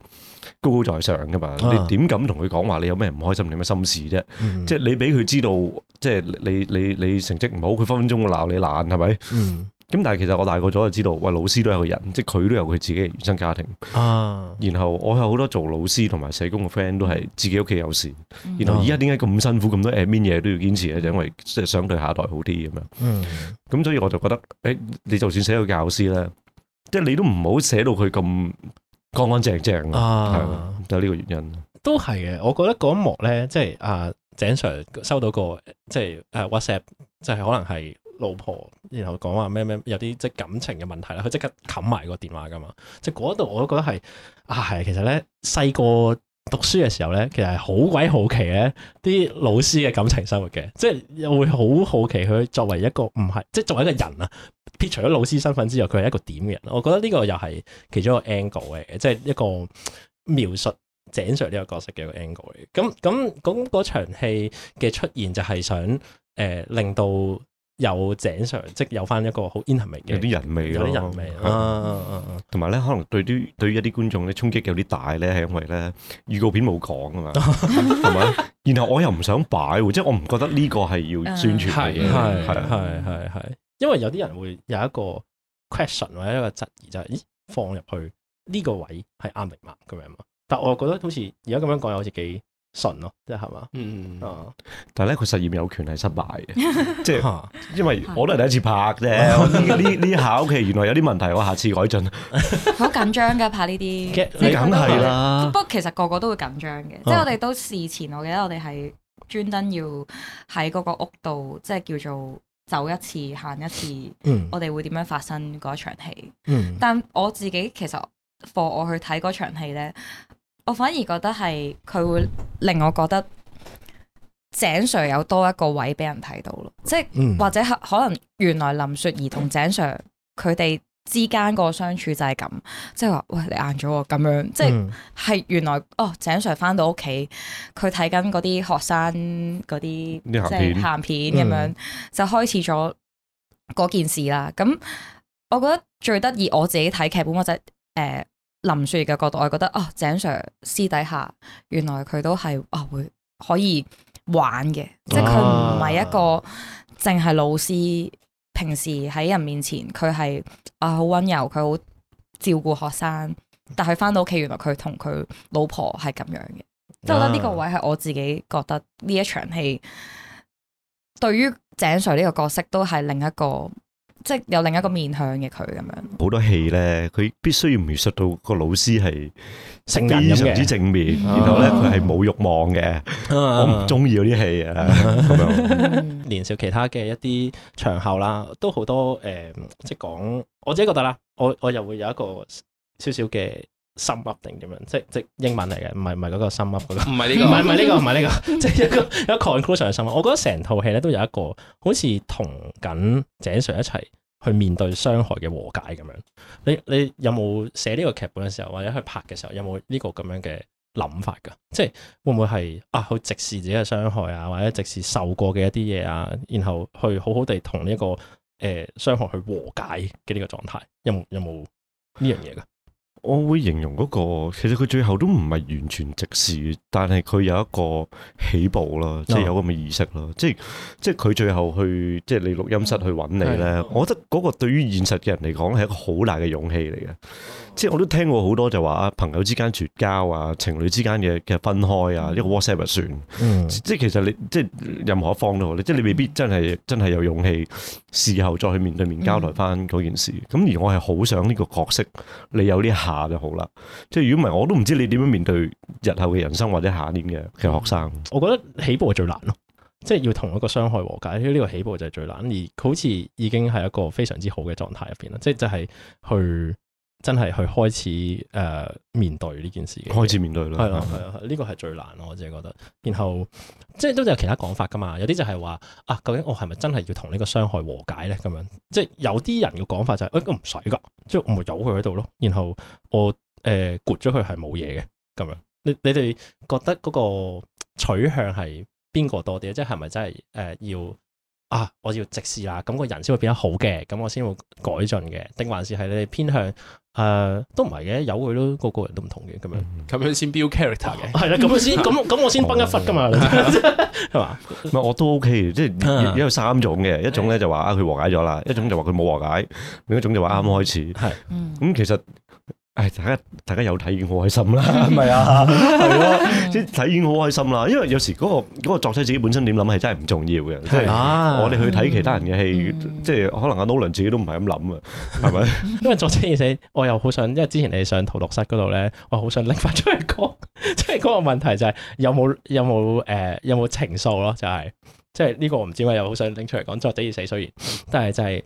Speaker 1: 高高在上噶嘛，啊、你點敢同佢講話你有咩唔開心，你咩心事啫？即係、嗯嗯、你俾佢知道，即、就、係、是、你你你成績唔好，佢分分鐘鬧你懶係咪？咁但係其實我大個咗就知道，喂老師都係個人，即係佢都有佢自己嘅原生家庭。
Speaker 4: 啊，
Speaker 1: 然後我有好多做老師同埋社工嘅 friend 都係自己屋企有事。
Speaker 3: 啊、然後而家
Speaker 1: 點解咁辛苦咁多誒，嘢、哎、都要堅持咧？就因為即係想對下一代好啲咁樣。咁、嗯、所以我就覺得，誒、哎，你就算寫個教師咧，即係你都唔好寫到佢咁乾乾淨淨。啊，係呢、就係、個原因。
Speaker 2: 都係嘅，我覺得嗰一幕咧，即係啊鄭 Sir 收到個即係誒、啊、WhatsApp，就係可能係。老婆，然後講話咩咩，有啲即係感情嘅問題啦。佢即刻冚埋個電話噶嘛。即係嗰度我都覺得係啊，係其實咧細個讀書嘅時候咧，其實係好鬼好奇咧啲老師嘅感情生活嘅。即又會好好奇佢作為一個唔係即係作為一個人啊，撇除咗老師身份之後，佢係一個點嘅人。我覺得呢個又係其中一個 angle 嚟嘅，即係一個描述鄭 Sir 呢個角色嘅一個 angle 嚟嘅。咁咁咁嗰場戲嘅出現就係想誒、呃、令到。有井上，即係有翻一個好 intimate 嘅，有啲
Speaker 1: 人味咁有啲人味，的啊。同埋咧，可能對啲對於一啲觀眾咧，衝擊有啲大咧，係因為咧預告片冇講啊嘛，係嘛？ 然後我又唔想擺， 即係我唔覺得呢個係
Speaker 2: 要宣傳嘅嘢，
Speaker 1: 係係係
Speaker 2: 因為有啲人會有一個 question 或者一個質疑就係、是：咦，放入去呢個位係啱唔啱咁樣嘛？但係我覺得好似而家咁樣講，有好似幾。咯、喔，即係嘛，嗯，哦、嗯，
Speaker 1: 但係咧，佢實驗有權利失敗嘅， 即係，因為我都係第一次拍啫，呢呢下屋企原來有啲問題，我下次改進。
Speaker 5: 好緊張㗎，拍呢啲，你梗係啦。不過其實個個都會緊張嘅，即係、啊、我哋都事前，我記得我哋係專登要喺嗰個屋度，即係叫做走一次行一次。嗯、我哋會點樣發生嗰一場戲？嗯，但我自己其實課我去睇嗰場戲咧。我反而覺得係佢會令我覺得鄭 Sir 有多一個位俾人睇到咯，即係、嗯、或者可能原來林雪兒同鄭 Sir 佢哋、嗯、之間個相處就係咁，即係話喂，你硬咗喎咁樣，即係係、嗯、原來哦鄭 Sir 翻到屋企，佢睇緊嗰啲學生嗰啲即係鹹片咁樣，就開始咗嗰件事啦。咁、嗯、我覺得最得意我自己睇劇本我就是呃林雪嘅角度，我覺得啊，井 Sir 私底下原來佢都係啊，會可以玩嘅，哇 即係佢唔係一個淨係老師，平時喺人面前佢係啊好温柔，佢好照顧學生，但係翻到屋企原來佢同佢老婆係咁樣嘅，哇 即係我覺得呢個位係我自己覺得呢一場戲對於井 Sir 呢個角色都係另一個。即係有另一個面向嘅佢咁樣，
Speaker 1: 好多戲咧，佢必須要描述到個老師係
Speaker 3: 性格非常之
Speaker 2: 正面，啊、然後咧佢係冇欲望嘅，啊、我唔中意嗰啲戲啊。咁樣年少其他嘅一啲場合啦，都好多誒、呃，即係講我自己覺得啦，我我又會有一個少少嘅。sum up 定咁樣，即即英文嚟嘅，唔係唔係嗰個深噏嗰個，唔係呢個，唔係唔係呢個，唔係呢個， 即一個一個 conclusion 嘅 sum up。我覺得成套戲咧都有一個，好似同緊井 Sir 一齊去面對傷害嘅和解咁樣。你你有冇寫呢個劇本嘅時候，或者去拍嘅時候，有冇呢個咁樣嘅諗法噶？即會唔會係啊去直視自己嘅傷害啊，或者直視受過嘅一啲嘢啊，然後去好好地同呢、這個誒、呃、傷害去和解嘅呢個狀態，有冇有冇呢樣嘢噶？
Speaker 1: 我會形容嗰、嗰個，其實佢最後都唔係完全直視，但係佢有一個起步啦，uh. 即係有咁嘅意識啦，即係即係佢最後去，即係你錄音室去揾你咧。Uh. 我覺得嗰個對於現實嘅人嚟講，係一個好大嘅勇氣嚟嘅。即係我都聽過好多就話啊，朋友之間絕交啊，情侶之間嘅嘅分開啊，一個 WhatsApp 就算，嗯、即係其實你即係任何一方都好咧，即係你未必真係真係有勇氣事後再去面對面交代翻嗰件事。咁、嗯、而我係好想呢個角色，你有呢下就好啦。即係如果唔係，我都唔知你點樣面對日後嘅人生或者下年嘅其他學生、嗯。我
Speaker 2: 覺得起步係最難咯，即係要同一個傷害和解呢個起步就係最難。而佢好似已經係一個非常之好嘅狀態入邊啦，即係就係去。真係去開始誒、呃、面對呢件事，開始面對啦，係啊係啊，呢個係最難咯，我自己覺得。然後即係都有其他講法噶嘛，有啲就係話啊，究竟我係咪真係要同呢個傷害和解咧？咁樣即係有啲人嘅講法就係誒唔使，噶，即係唔由佢喺度咯。然後我誒豁咗佢係冇嘢嘅咁樣。你你哋覺得嗰個取向係邊個多啲？即係係咪真係誒、呃、要？啊！我要直視啦，咁個人先會變得好嘅，咁我先會改進嘅，定還是係你哋偏向？誒、呃，都唔係嘅，由佢咯，個個人都唔同嘅，咁樣咁、嗯、樣先 build character 嘅， 係啦，咁樣先，咁咁我先崩一忽噶嘛，係嘛？
Speaker 1: 唔係我都 OK 嘅，即係有三種嘅，一種咧就話啊佢和解咗啦，一種就話佢冇和解，另一種就話啱開始，係的，咁、嗯嗯、其實。唉、哎，大家大家有睇完好開心啦，係咪啊？係咯， 啲睇完好開心啦。因為有時嗰、嗰個、嗰個作者自己本身點諗係真係唔重要嘅。啊，我哋去睇其他人嘅戲，嗯、即係可能阿 Nolan 自己都唔係咁諗
Speaker 2: 啊，係咪？因為作者已死，我又好想，因為之前你哋上逃落室嗰度咧，我好想拎翻出嚟講，即係嗰個問題就係有冇有冇誒有冇、呃、情愫咯？就係即係呢個唔知咩，又好想拎出嚟講作者已死，雖然，但係就係、是。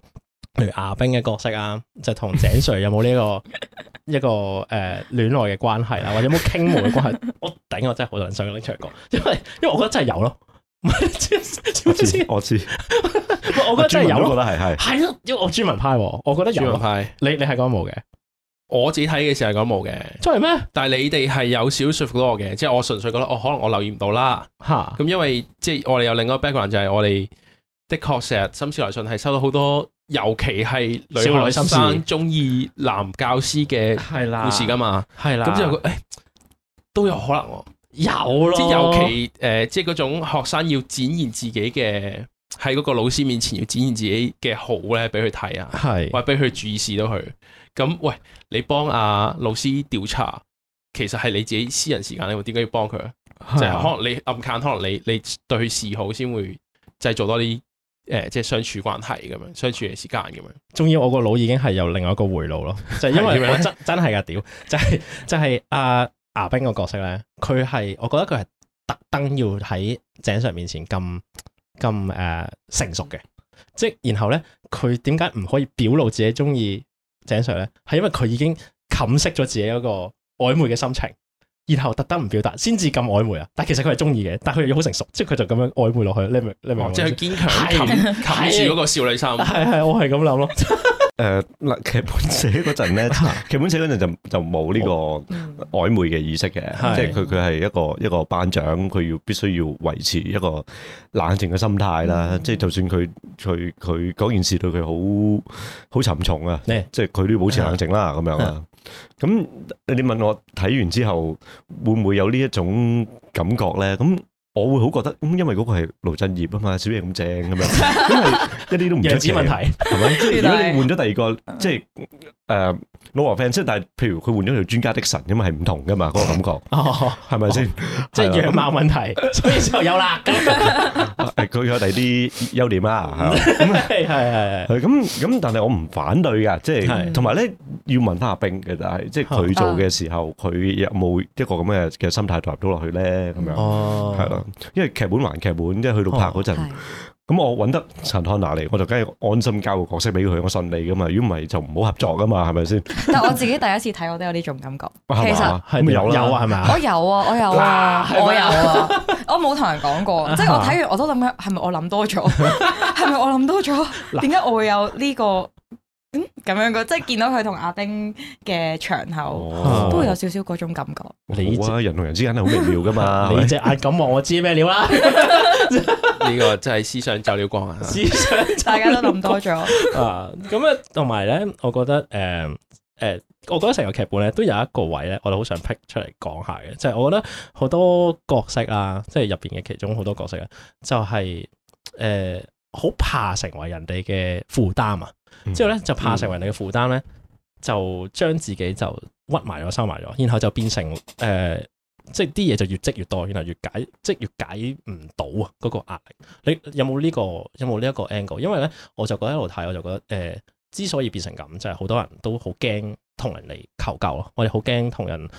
Speaker 2: 譬如阿兵嘅角色啊，就同井瑞有冇呢、這個 一個誒戀、呃、愛嘅關係啊，或者有冇傾慕嘅關係、啊？ 我頂我真係好多人想拎出嚟講，因為因為我覺得真係有咯， 我知，我、知 我覺得真係有，我覺得係係係咯，因為我專文派，我覺得有專派。你你係講冇嘅，我自己睇嘅時候講冇嘅，真係咩？但係你哋係有少少說服到我嘅，即係我純粹覺得我、哦、可能我留意唔到啦吓。咁 因為即係我哋有另一個 background，就係、是、我哋的確成日心事來信係收到好多。尤其係女學女生中意男教師嘅故事㗎嘛，咁之後佢誒都有可能喎、哦，有即咯尤其誒、呃，即係嗰種學生要展現自己嘅喺嗰個老師面前要展現自己嘅好咧，俾佢睇啊，或者俾佢注意視到佢。咁喂，你幫阿老師調查，其實係你自己私人時間咧，你會點解要幫佢？的就係可能你暗間可能你你對佢示好先會，就係做多啲。誒，即係相處關係咁樣，相處嘅時間咁樣。終於，我個腦已經係有另外一個回路咯， 就因為我真 真係噶屌，就係、是、就係阿阿兵個角色咧，佢係我覺得佢係特登要喺井上面前咁咁誒成熟嘅，即係然後咧，佢點解唔可以表露自己中意井上 i 咧？係因為佢已經冚熄咗自己一個曖昧嘅心情。然後特登唔表達，先至咁曖昧啊！但其實佢係中意嘅，但佢又要好成熟，即係佢就咁樣曖昧落去。你明、哦？你、就、明、是？即係佢堅強，係住嗰個少女心。係係，我係咁諗咯。
Speaker 1: 誒、 呃，劇本寫嗰陣咧，劇 本寫嗰陣就就冇呢個曖昧嘅意識嘅，即係佢佢係一個一個班長，佢要必須要維持一個冷靜嘅心態啦。即係、嗯、就，就算佢佢佢嗰件事對佢好好沉重啊，即係佢都要保持冷靜啦，咁、嗯、樣啊。咁、嗯、你問我睇完之後會唔會有呢一種感覺咧？咁、嗯。我會好覺得咁，因為嗰個係盧鎮業啊嘛，小野咁正咁樣，因為一啲都唔着錢。樣子問題係嘛？如果你換咗第二個，即係誒老王 fans，但係譬如佢換咗條專家的神，咁啊係唔同噶嘛？嗰個感覺係咪先？即係樣
Speaker 2: 貌問題，所以
Speaker 1: 就有啦。誒，佢有第二啲優點啦，係嘛？係係係。係咁咁，但係我唔反對噶，即係同埋咧要問阿冰嘅就係，即係佢做嘅時候，佢有冇一個咁嘅嘅心態投入到落去咧？咁樣係咯。因為劇本還劇本，即係去到拍嗰陣，咁、哦、我揾得陳漢娜嚟，我就梗係安心交個角色俾佢，我信你噶嘛，如果唔係就唔好合作噶嘛，係咪先？
Speaker 5: 但我自己第一次睇，我都有呢種感覺。其實是
Speaker 1: 是有有
Speaker 3: 啊，係咪啊？我有
Speaker 5: 啊，我有啊，我有啊，我冇同人講過。 即係我睇完我是是我， 是是我都諗緊，係咪我諗多咗？係咪我諗多咗？點解我會有呢、這個？咁、嗯、樣噶，即係見到佢同阿丁嘅場口，哦、都會有少少嗰種感覺。
Speaker 2: 你啊的，人同人之間係好微妙噶嘛？你隻眼咁望，我知咩料啦？呢 個真係思想走了光啊！思
Speaker 6: 想大家都諗多咗
Speaker 2: 啊！咁啊，同埋咧，我覺得誒誒、呃，我覺得成個劇本咧，都有一個位咧，我哋好想 pick 出嚟講下嘅，即係我覺得好多角色啊，即係入邊嘅其中好多角色啊，就係、是、誒、就是。呃好怕成為人哋嘅負擔啊！嗯、
Speaker 3: 之後咧就怕成為
Speaker 2: 你嘅負擔咧，就將自己就屈埋咗收埋咗，然後就變成誒，即係啲嘢就越積越多，然後越解即越解唔到啊！嗰個壓力，你有冇呢、這個有冇呢一個 angle？因為咧，我就覺得一路睇，我就覺得誒、呃，之所以變成咁，就係、是、好多人都好驚同人嚟求救咯，我哋好驚同人誒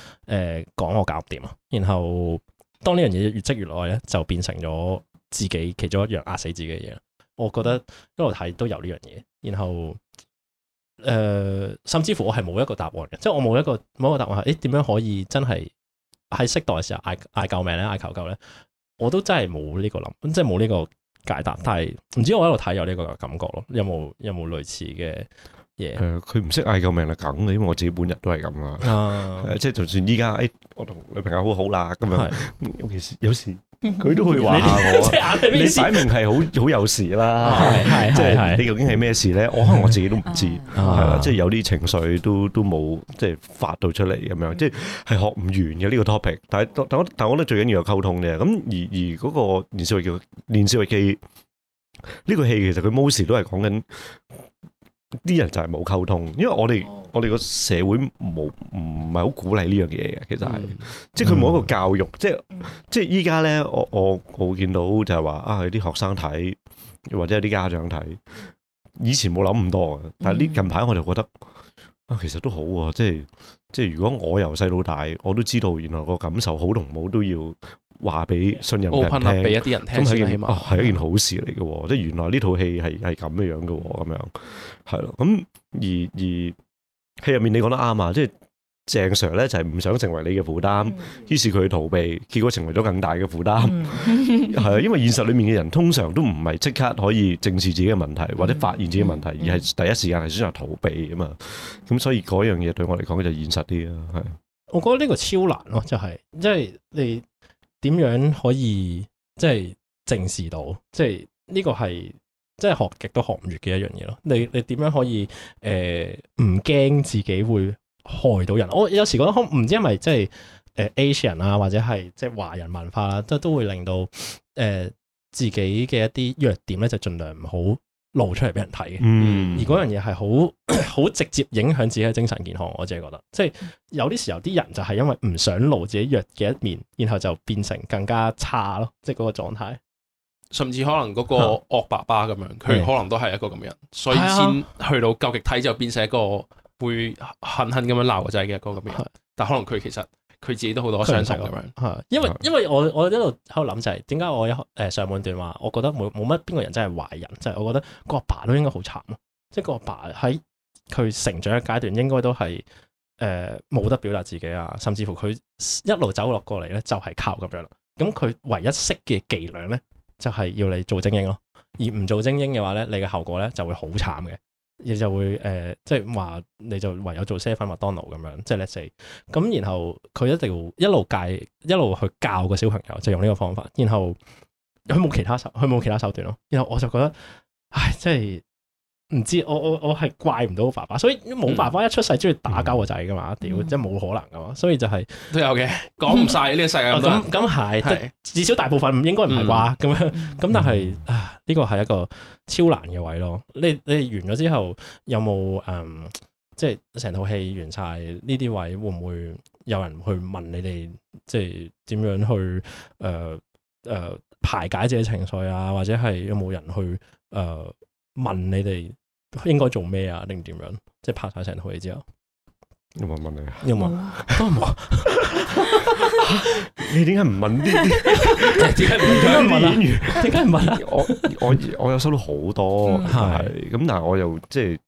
Speaker 2: 講、呃、我搞唔掂啊！然後當呢樣嘢越積越耐咧，就變成咗自己其中一樣壓死自己嘅嘢。我覺得，一路睇都有呢樣嘢，然後誒、呃，甚至乎我係冇一個答案嘅，即係我冇一個冇一個答案係，誒點樣可以真係喺適當嘅時候嗌嗌救命咧，嗌求救咧，我都真係冇呢個諗，即係冇呢個解答。但係唔知我喺度睇有呢個感覺咯，有冇有冇類似嘅嘢？
Speaker 1: 佢唔識嗌救命啦，梗嘅，因為我自己本日都係咁啦，啊、即係就算依家，誒、哎，我同女朋友好好啦，咁樣，是尤其是有時。佢 都會話我， 你擺明係好好有事啦， 即係你究竟係咩事咧？我可能我自己都唔知，係啦， 即係有啲情緒都都冇，即係發到出嚟咁樣，即係係學唔完嘅呢、這個 topic 但。但係但我但我覺得最緊要係溝通嘅。咁而而嗰個年少日記，年少日記嘅呢個戲其實佢 most 都係講緊。啲人就係冇溝通，因為我哋、哦、我哋個社會冇唔係好鼓勵呢樣嘢嘅，其實係，嗯、即係佢冇一個教育，嗯、即係即係依家咧，我我我見到就係話啊，有啲學生睇，或者有啲家長睇，以前冇諗咁多嘅，但係呢近排我就覺得啊，其實都好啊，即係即係如果我由細到大，我都知道原來個感受好同唔好都要。話俾信任人聽，俾一啲人聽，咁係哦，係一件好事嚟嘅，即係原來呢套戲係係咁嘅樣嘅，咁樣係咯。咁而而戲入面你講得啱啊，即係鄭 Sir 咧就係唔想成為你嘅負擔，於、嗯、是佢逃避，結果成為咗更大嘅負擔。係啊、嗯， 因為現實裏面嘅人通常都唔係即刻可以正視自己嘅問題，或者發現自己嘅問題，而係第一時間係選擇逃避啊嘛。咁所以嗰樣嘢對我嚟講就現實啲啊。係，
Speaker 2: 我覺得呢個超難咯，就係即係你。點樣可以即係正視到，即係呢個係即係學極都學唔完嘅一樣嘢咯。你你點樣可以誒唔驚自己會害到人？我有時覺得唔知係咪即係誒、呃、Asian 啊，或者係即係華人文化啦、啊，都都會令到誒、呃、自己嘅一啲弱點咧，就盡量唔好，露出嚟俾人睇，嘅、嗯，而嗰樣嘢係好好直接影響自己嘅精神健康，我自己覺得，即係有啲時候啲人就係因為唔想露自己弱嘅一面，然後就變成更加差咯，即係嗰個狀態，甚至可能嗰個惡爸爸咁樣，佢、嗯、可能都係一個咁嘅人、嗯、所以先去到究極體之後就變成一個會狠狠咁樣鬧個仔嘅一個咁嘅人、嗯嗯、但可能佢其實。佢自己都好多傷心咁樣，係因為是因為我我一路喺度諗就係點解我一誒、呃、上半段話，我覺得冇冇乜邊個人真係壞人，即、就、係、是、我覺得個阿爸都應該好慘咯，即係個阿爸喺佢成長嘅階段應該都係誒冇得表達自己啊，甚至乎佢一路走落過嚟咧就係靠咁樣啦，咁佢唯一識嘅伎倆咧就係、是、要你做精英咯，而唔做精英嘅話咧，你嘅後果咧就會好慘嘅。你就會誒、呃，即係話你就唯有做些翻麥當勞咁樣，即係 let's say。咁 然後佢一定要一路介一路去教個小朋友，就用呢個方法。然後佢冇其他手，佢冇其他手段咯。然後我就覺得，唉，即係。唔知我我我，係怪唔到爸爸，所以冇爸爸、嗯、一出世鍾意打交個仔噶嘛，屌、嗯、即係冇可能噶嘛，所以就係、是、都有嘅，講唔晒呢個世界都咁咁係，至少大部分應該唔係啩咁樣咁，但係啊呢個係一個超難嘅位咯。你你完咗之後有冇誒，即係成套戲完晒呢啲位會唔會有人去問你哋，即係點樣去誒誒、呃呃、排解自己情緒啊？或者係有冇人去誒、呃、問你哋？應該做咩啊？定點樣？即係拍晒成套戲之後，有冇問你，有冇？都冇、 啊。你點解唔問呢
Speaker 1: 啲？
Speaker 3: 即係點解唔問演員點解唔問啊？ 我
Speaker 1: 我我有收到好多係，咁但係我又即係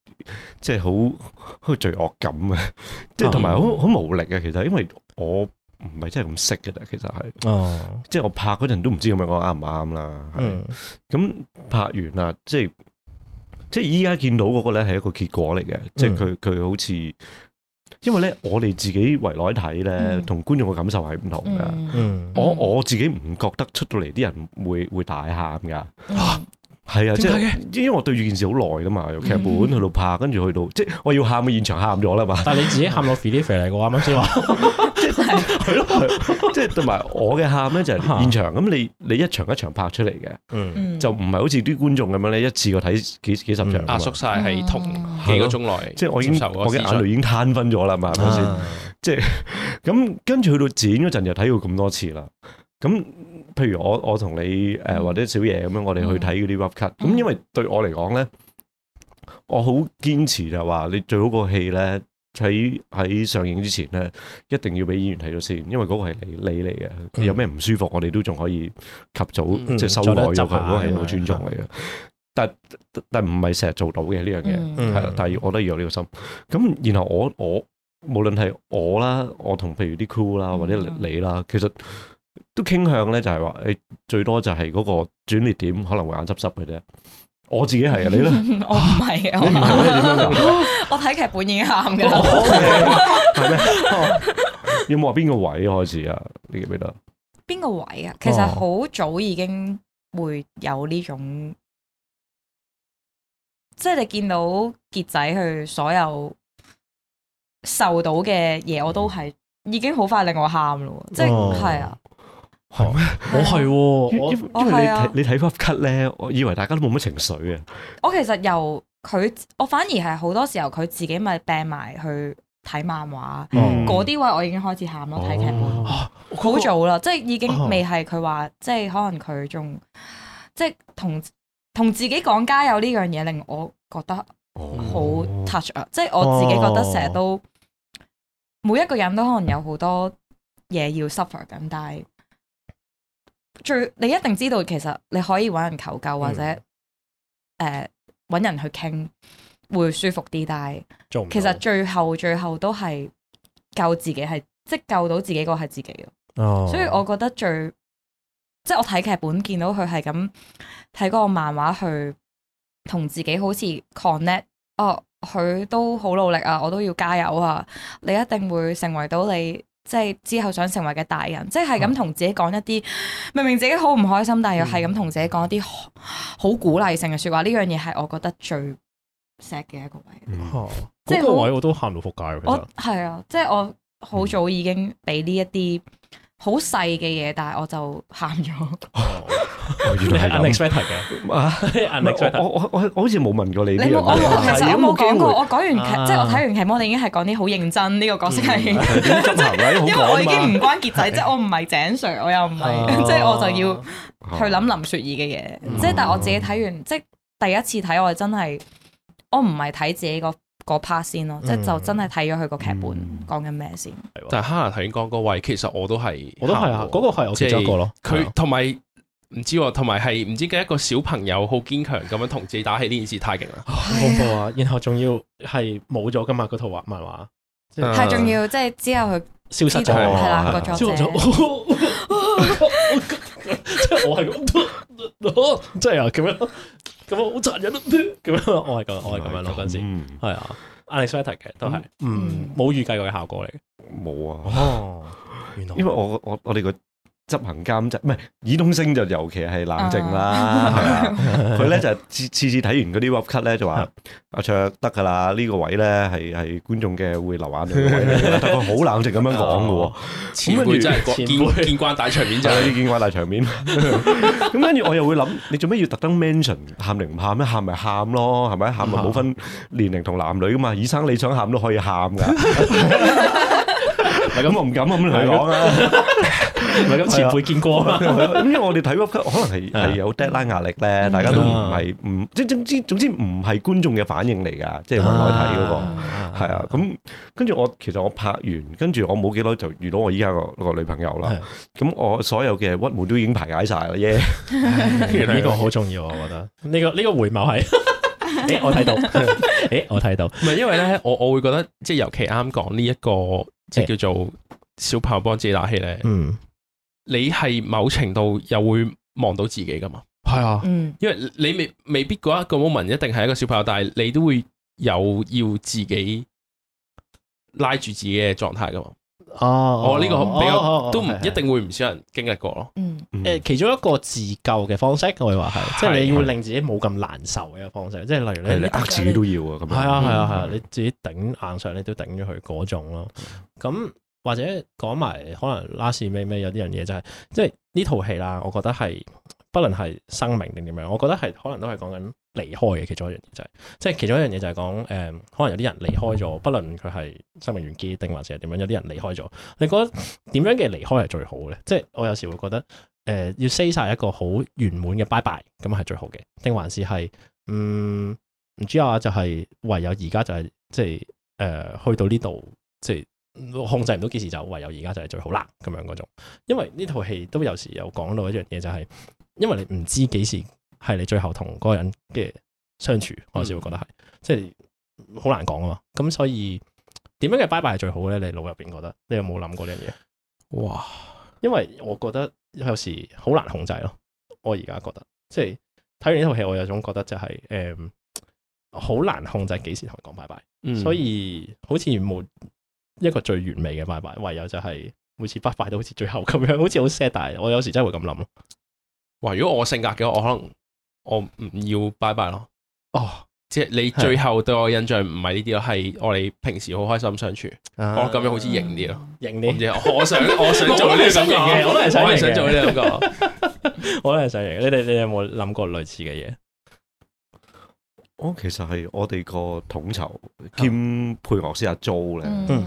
Speaker 1: 即係好好罪惡感啊。即係同埋好好無力啊！其實，因為我唔係真係咁識嘅，其實係哦，嗯、即係我拍嗰陣都唔知咁樣講啱唔啱啦。嗯，咁拍完啦，即係。即係依家見到嗰個咧係一個結果嚟嘅，嗯、即係佢佢好似，因為咧我哋自己圍內睇咧，同、嗯、觀眾嘅感受係唔同嘅。嗯、我我自己唔覺得出到嚟啲人會會大喊㗎。哇、嗯，係啊，啊何即係因為我對住件事好耐㗎嘛，由劇本去到拍，跟住去到即係我要喊嘅現場喊咗啦嘛。但係你自己喊到肥啲肥嚟㗎，啱先話。係咯，即係同埋我嘅喊咧就係、是、現場咁，啊、你你一場一場拍出嚟嘅，嗯、就唔係好似啲觀眾咁樣咧一次過睇幾幾十場壓縮
Speaker 2: 晒係同幾個鐘內，即係、就是、我已經我嘅眼淚已
Speaker 1: 經攤分咗啦嘛，咁先即係
Speaker 2: 咁，跟、就、住、
Speaker 1: 是嗯、去到剪嗰陣就睇過咁多次啦。咁、嗯、譬、嗯、如我我同你誒、呃、或者小野咁樣，我哋去睇嗰啲 rough cut。咁、嗯嗯、因為對我嚟講咧，我好堅持就話你最好個戲咧，喺喺上映之前咧，一定要俾演員睇到先，因為嗰個係你嚟嘅。有咩唔舒服，我哋都仲可以及早即係修改佢，嗰係好尊重嘅。但但唔係成日做到嘅呢樣嘢，係但係我都要有呢個心。咁然後我我無論係我啦，我同譬如啲 Cool 啦，或者你啦，其實都傾向咧，就係話誒最多就係嗰個轉捩點可能會眼濕濕嘅啫。我自己係啊，你咧？
Speaker 5: 我唔係，我睇劇 本已經喊噶啦。係咩？
Speaker 1: 有冇話邊個位開
Speaker 3: 始啊？你記唔記得？
Speaker 5: 邊個位啊？其實好早已經會有呢種，哦、即係你見到杰仔佢所有受到嘅嘢，我都係已經好快令我喊咯，哦、即係係啊。
Speaker 1: 我係，因為你我、啊、你睇 cut 咧，我以為大家都冇乜情緒啊。
Speaker 5: 我其實由佢，我反而係好多時候佢自己咪病埋去睇漫畫，嗰啲位我已經開始喊咯，睇劇本好早啦、啊，即係已經未係佢話，即係可能佢仲即係同同自己講加油呢樣嘢，令我覺得好 touch、哦、啊！即係我自己覺得成日都每一個人都可能有好多嘢要 suffer 咁，但係。最你一定知道，其實你可以揾人求救或者誒揾、嗯呃、人去傾會舒服啲，但係不其實最後最後都係救自己，係即係救到自己嘅係自己咯。哦、所以我覺得最即係我睇劇本見到佢係咁睇嗰個漫畫去同自己好似 connect，哦，佢都好努力啊，我都要加油啊！你一定會成為到你。即係之後想成為嘅大人，即係咁同自己講一啲、啊、明明自己好唔開心，但係又係咁同自己講一啲好鼓勵性嘅説話，呢樣嘢係我覺得最錫嘅一個位。
Speaker 3: 嗯
Speaker 5: 哦、即係個位
Speaker 2: 我都喊到撲街㗎，其實。我
Speaker 5: 係啊，即係我好早已經俾呢一啲好細嘅嘢，但係我就喊咗。哦
Speaker 3: 原
Speaker 6: 來
Speaker 2: 係
Speaker 1: unexpected 嘅，我我我好似冇問過你。你冇，其實我冇
Speaker 5: 講過。我講完劇，即係我睇完劇，我哋已經係講啲好認真，呢個角色係，因為我已經唔關杰仔，即係我唔係井 Sir，我又唔係，即係我就要去諗林雪兒嘅嘢。即係但係我自己睇完，即第一次睇我真係，我唔係睇自己個 part 先咯，即係就真係睇咗佢個劇本講緊咩先。
Speaker 2: 但係哈娜頭先講位，其實我都係，我都係啊，個係我接觸過咯。佢同埋。唔知、啊，同埋係唔知嘅一個小朋友好堅強咁樣同自己打氣呢件事太勁啦，恐怖啊！然後仲要係冇咗噶嘛，嗰套畫漫畫，太重要，
Speaker 5: 啊、即係之後佢消失咗，係啦了，消失咗。即係我係， 哦，
Speaker 2: 即係啊，咁樣，咁樣好殘忍，咁樣，我係咁、啊， 我係咁樣咯嗰陣時，係啊，Alex a t e 嘅都係，冇預計過嘅效果嚟，
Speaker 1: 冇啊，
Speaker 2: 原來哦、嗯
Speaker 1: 嗯，因為我我我哋、這個。執行監製唔係，爾冬陞就尤其係冷靜啦。
Speaker 3: 佢咧
Speaker 1: 就次次次睇完嗰啲 cut 咧就話：阿、 啊、卓得㗎啦，呢、這個位咧係係觀眾嘅會流眼淚位。 但佢好冷靜咁樣講嘅喎。跟住真係輩輩見見慣大場面就係呢見慣大場面。咁跟住我又會諗，你做咩要特登 mention 喊定唔喊咩？喊咪喊咯，係咪？喊咪冇分年齡同男女㗎嘛？以生你想喊都可以喊㗎。 咁我唔敢咁，同你講啦，
Speaker 3: 咪咁前輩見過。咁因
Speaker 1: 為我哋睇《鬱金》，可能係係有 deadline 壓力咧，大家都唔係唔即總之總之唔係觀眾嘅反應嚟噶，即係內睇嗰個係啊。咁跟住我其實我拍完，跟住我冇幾耐就遇到我依家個個女朋友啦。咁是、啊、我所有嘅鬱悶都已經排解晒啦。耶、
Speaker 3: yeah！呢 個好
Speaker 1: 重
Speaker 2: 要，我覺得呢、呢個呢、呢個回眸係。 誒、欸，我睇到，誒、 欸，我睇到，唔係 因為咧，我我會覺得，即係尤其啱講呢一個，即係叫做小朋友幫自己打氣咧。嗯，你係某程度又會望到自己噶嘛？
Speaker 4: 係啊，嗯，
Speaker 2: 因為你未未必嗰一個 moment 一定係一個小朋友，但係你都會有要自己拉住自己嘅狀態噶嘛。
Speaker 4: Oh, 哦，我、這、呢個比較都唔、oh, oh, oh, yes,
Speaker 2: 一定會唔少人經歷過咯。嗯，誒、呃，其中一個自救嘅方式，我哋話係，是即係你要令自己冇咁難受嘅一個方式，即係是例如你呃自己都要、嗯、啊，咁樣、嗯。係啊係啊係啊，是你自己頂硬上，你都頂咗佢嗰種咯。咁或者講埋可能拉 a 咩咩有啲樣嘢就係、是，即係呢套戲啦，我覺得係不能係生命定點樣，我覺得係可能都係講緊離開嘅其中一樣嘢就係、是，即係其中一樣嘢就係講誒，可能有啲人離開咗，不論佢係生命完結定還是係點樣，有啲人離開咗。你覺得點樣嘅離開係最好咧？即係我有時會覺得誒、呃，要 say 晒一個好圓滿嘅拜拜，e 咁係最好嘅，定還是係嗯？唔知啊，就係、是、唯有而家就係即係誒，去到呢度即係控制唔到幾時，就唯有而家就係最好啦咁樣嗰種。因為呢套戲都有時有講到一樣嘢、就是，就係因為你唔知幾時。係你最後同嗰個人嘅相處，我有時會覺得係，嗯、即係好難講啊嘛。咁所以點樣嘅拜拜係最好咧？你腦入邊覺得，你有冇諗過呢樣嘢？哇嘩！因為我覺得有時好難控制咯。我而家覺得，即係睇完呢套戲，我有種覺得就係、是、誒、好、嗯、難控制幾時同人講拜拜。嗯、所以好似冇一個最完美嘅拜拜，唯有就係每次拜拜都好似最後咁樣，好似好 sad。但係我有時真係會咁諗咯。哇！如果我性格嘅話我可能。我唔要拜拜咯，哦，即係你最後對我印象唔係呢啲咯，係我哋平時好開心相處，啊、我咁樣好似型啲咯，型啲。我想 我想做呢、這個感嘅。我都係想做呢個我都係想型。 你哋你有冇諗過類似嘅嘢？我其
Speaker 1: 實係我哋個統籌兼配樂師阿租 o 咧。的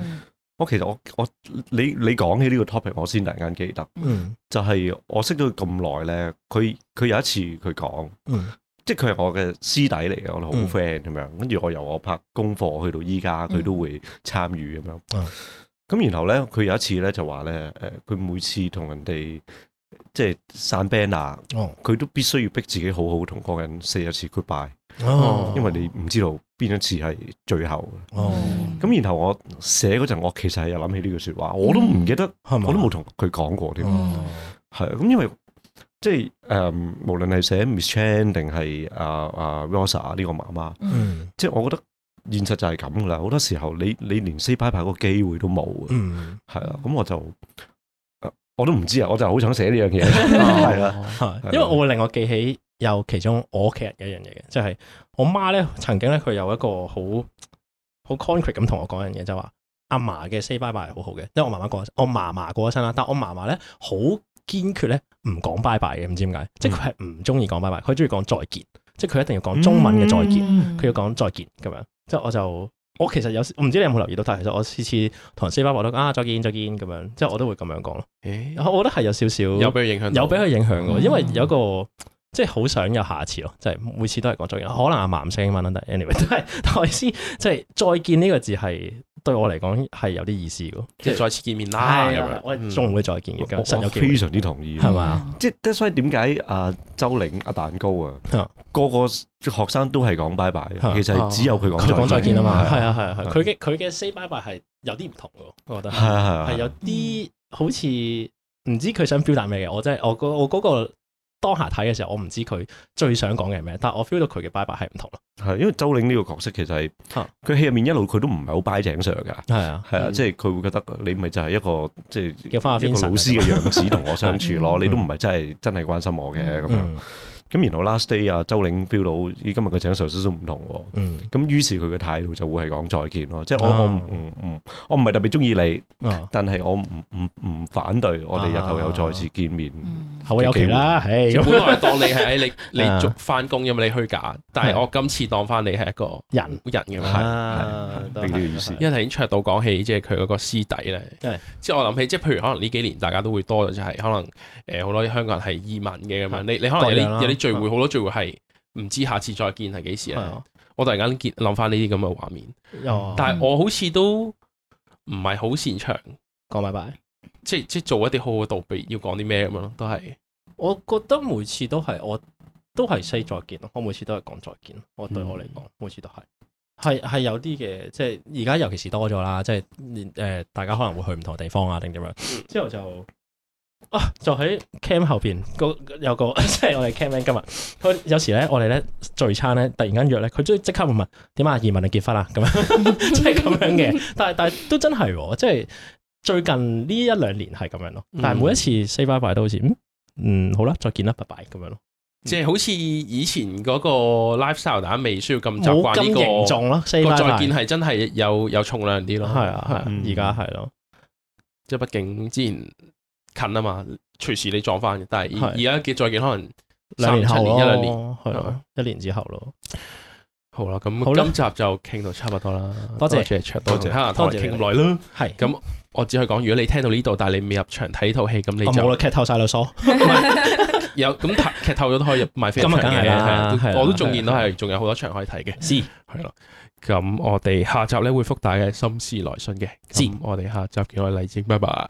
Speaker 1: 我其實我我你你講起呢個 topic，我先突然間記得，嗯、就係我識咗佢咁耐咧，佢佢有一次佢講，嗯、即係佢係我嘅師弟嚟嘅，我哋好 friend 咁樣，跟住、嗯、我由我拍功課去到依家，佢都會參與咁樣。咁、嗯嗯、然後咧，佢有一次咧就話咧，誒、呃，佢每次同人哋即係散 band 啊，佢、哦、都必須要逼自己好好同嗰個人 say 一次 goodbye。哦，因為你唔知道邊一次係最後哦，咁然後我寫嗰陣，我其實係有諗起呢句說話，我都唔記得，係咪，我都冇同佢講過添。哦，係啊，咁因為即係誒，無論係寫 Miss Chan 定係啊啊 Rosa 呢個媽媽，即係我覺得現實就係咁噶啦。好多時候你你連 say bye bye 嗰個機會都冇嘅，係啊。咁我就我都唔知啊。我就好想寫呢樣嘢，係啦，因為
Speaker 2: 我會令我記起。有其中我屋企人嘅一樣嘢嘅，就係我媽咧曾經咧佢有一個好好 concrete 咁同我講一樣嘢，就話阿嫲嘅 say bye bye 係好好嘅，因為我媽媽過我嫲嫲過咗身啦，但係我嫲嫲咧好堅決咧唔講 bye bye 嘅，唔知點解，嗯、即係佢係唔中意講 bye bye，佢中意講再見，即係佢一定要講中文嘅再見，佢、嗯、要講再見咁樣。即係我就我其實有唔知你有冇留意到，但係其實我次次同人 say bye bye 都啊再見再見咁樣，即係我都會咁樣講咯。誒、欸，我覺得係有少少有俾佢影響到，有俾佢影響因為有一個。嗯即係好想有下次咯，即係每次都係講再見。可能阿媽唔識英文啦，anyway 都係頭先，即係再見呢個字係對我嚟講係有啲意思嘅， 即係再次見面啦，咁樣啦。仲會嘅再
Speaker 1: 見，我非常之同意，係嘛？即係所以點解阿周玲阿蛋糕啊個吧個學生都係講拜拜嘅，吧其實只有佢講講再見啊嘛，係啊係啊係。佢
Speaker 2: 嘅佢嘅 say 拜拜係有啲唔同嘅，我覺得係係係有啲好似唔知佢想表達咩嘅。我真係我嗰我嗰個。當下睇嘅時候，我唔知佢最想講嘅係咩，但我 feel 到佢嘅拜拜係唔同咯，係因為周玲呢個角色其實係，佢戲入面一路佢
Speaker 1: 都唔係好 buy 鄭 Sir 噶。係啊，
Speaker 2: 係啊，即
Speaker 1: 係佢會覺得你咪就係一個即係、就是、一個老師嘅樣子同我相處咯，嗯 嗯、你都唔係真係真係關心我嘅咁、嗯、樣。嗯咁然後 last day 啊，周領 feel 到，今日嘅請上司都唔同喎。咁於是佢嘅態度就會係講再見咯，即係我我唔唔係特別中意你，但係我唔唔唔反對我哋日後有再次見面。後會有期啦，唉，本來當你係你你做
Speaker 2: 翻工咁啊，你虛假，但係我今次當翻你係一個人人咁啊，係呢啲意思。因為頭先卓導講起即係佢嗰個師弟咧，即係我諗起，即係譬如可能呢幾年大家都會多咗，即係可能誒好多香港人係移民嘅咁樣，你你可能有啲。聚會好多聚會係唔知下次再見係幾時啊！的我突然間見諗翻呢啲咁嘅畫面，嗯、但係我好似都唔係好擅長講拜拜，即係即係做一啲好好嘅道別，要講啲咩咁樣咯，都係。我覺得每次都係我都係 say 再見咯，我每次都係講再見，我對我嚟講，嗯、每次都係係係有啲嘅，即係而家尤其是多咗啦，即係誒、呃、大家可能會去唔同地方啊，定點樣之後就。啊！就喺 cam 後邊有個，即 係我哋 cam 今日，佢有時咧，我哋咧聚餐咧，突然間約咧，佢即即刻問點啊？移民你結婚啊？咁 樣即係咁樣嘅，但係但係都真係，即係最近呢一兩年係咁樣咯。但係每一次 say bye bye 都好似嗯，嗯，好啦，再見啦，拜拜咁樣咯。即係好似以前嗰個 lifestyle 大家未需要咁習慣呢個形狀咯，say bye bye 係真係有有重量啲、嗯啊、咯，係啊，係而家係咯，即係畢竟之前。近啊嘛，隨時你撞翻嘅。但係而家嘅再見可能三年、七年、一兩年，係咯，一年之後咯。好啦，咁今集就傾到差唔多啦。多謝多謝，多謝哈，多謝傾咁耐咯。係，咁我只係講，如果你聽到呢度，但係你未入場睇套戲，咁你就劇透晒啦，疏有咁劇透咗都可以入買飛。咁啊，梗係我都仲見到係，仲有好多場可以睇嘅。係咯，咁我哋下集咧會復大家嘅《心事來信》嘅我哋下集嘅例子，拜。拜。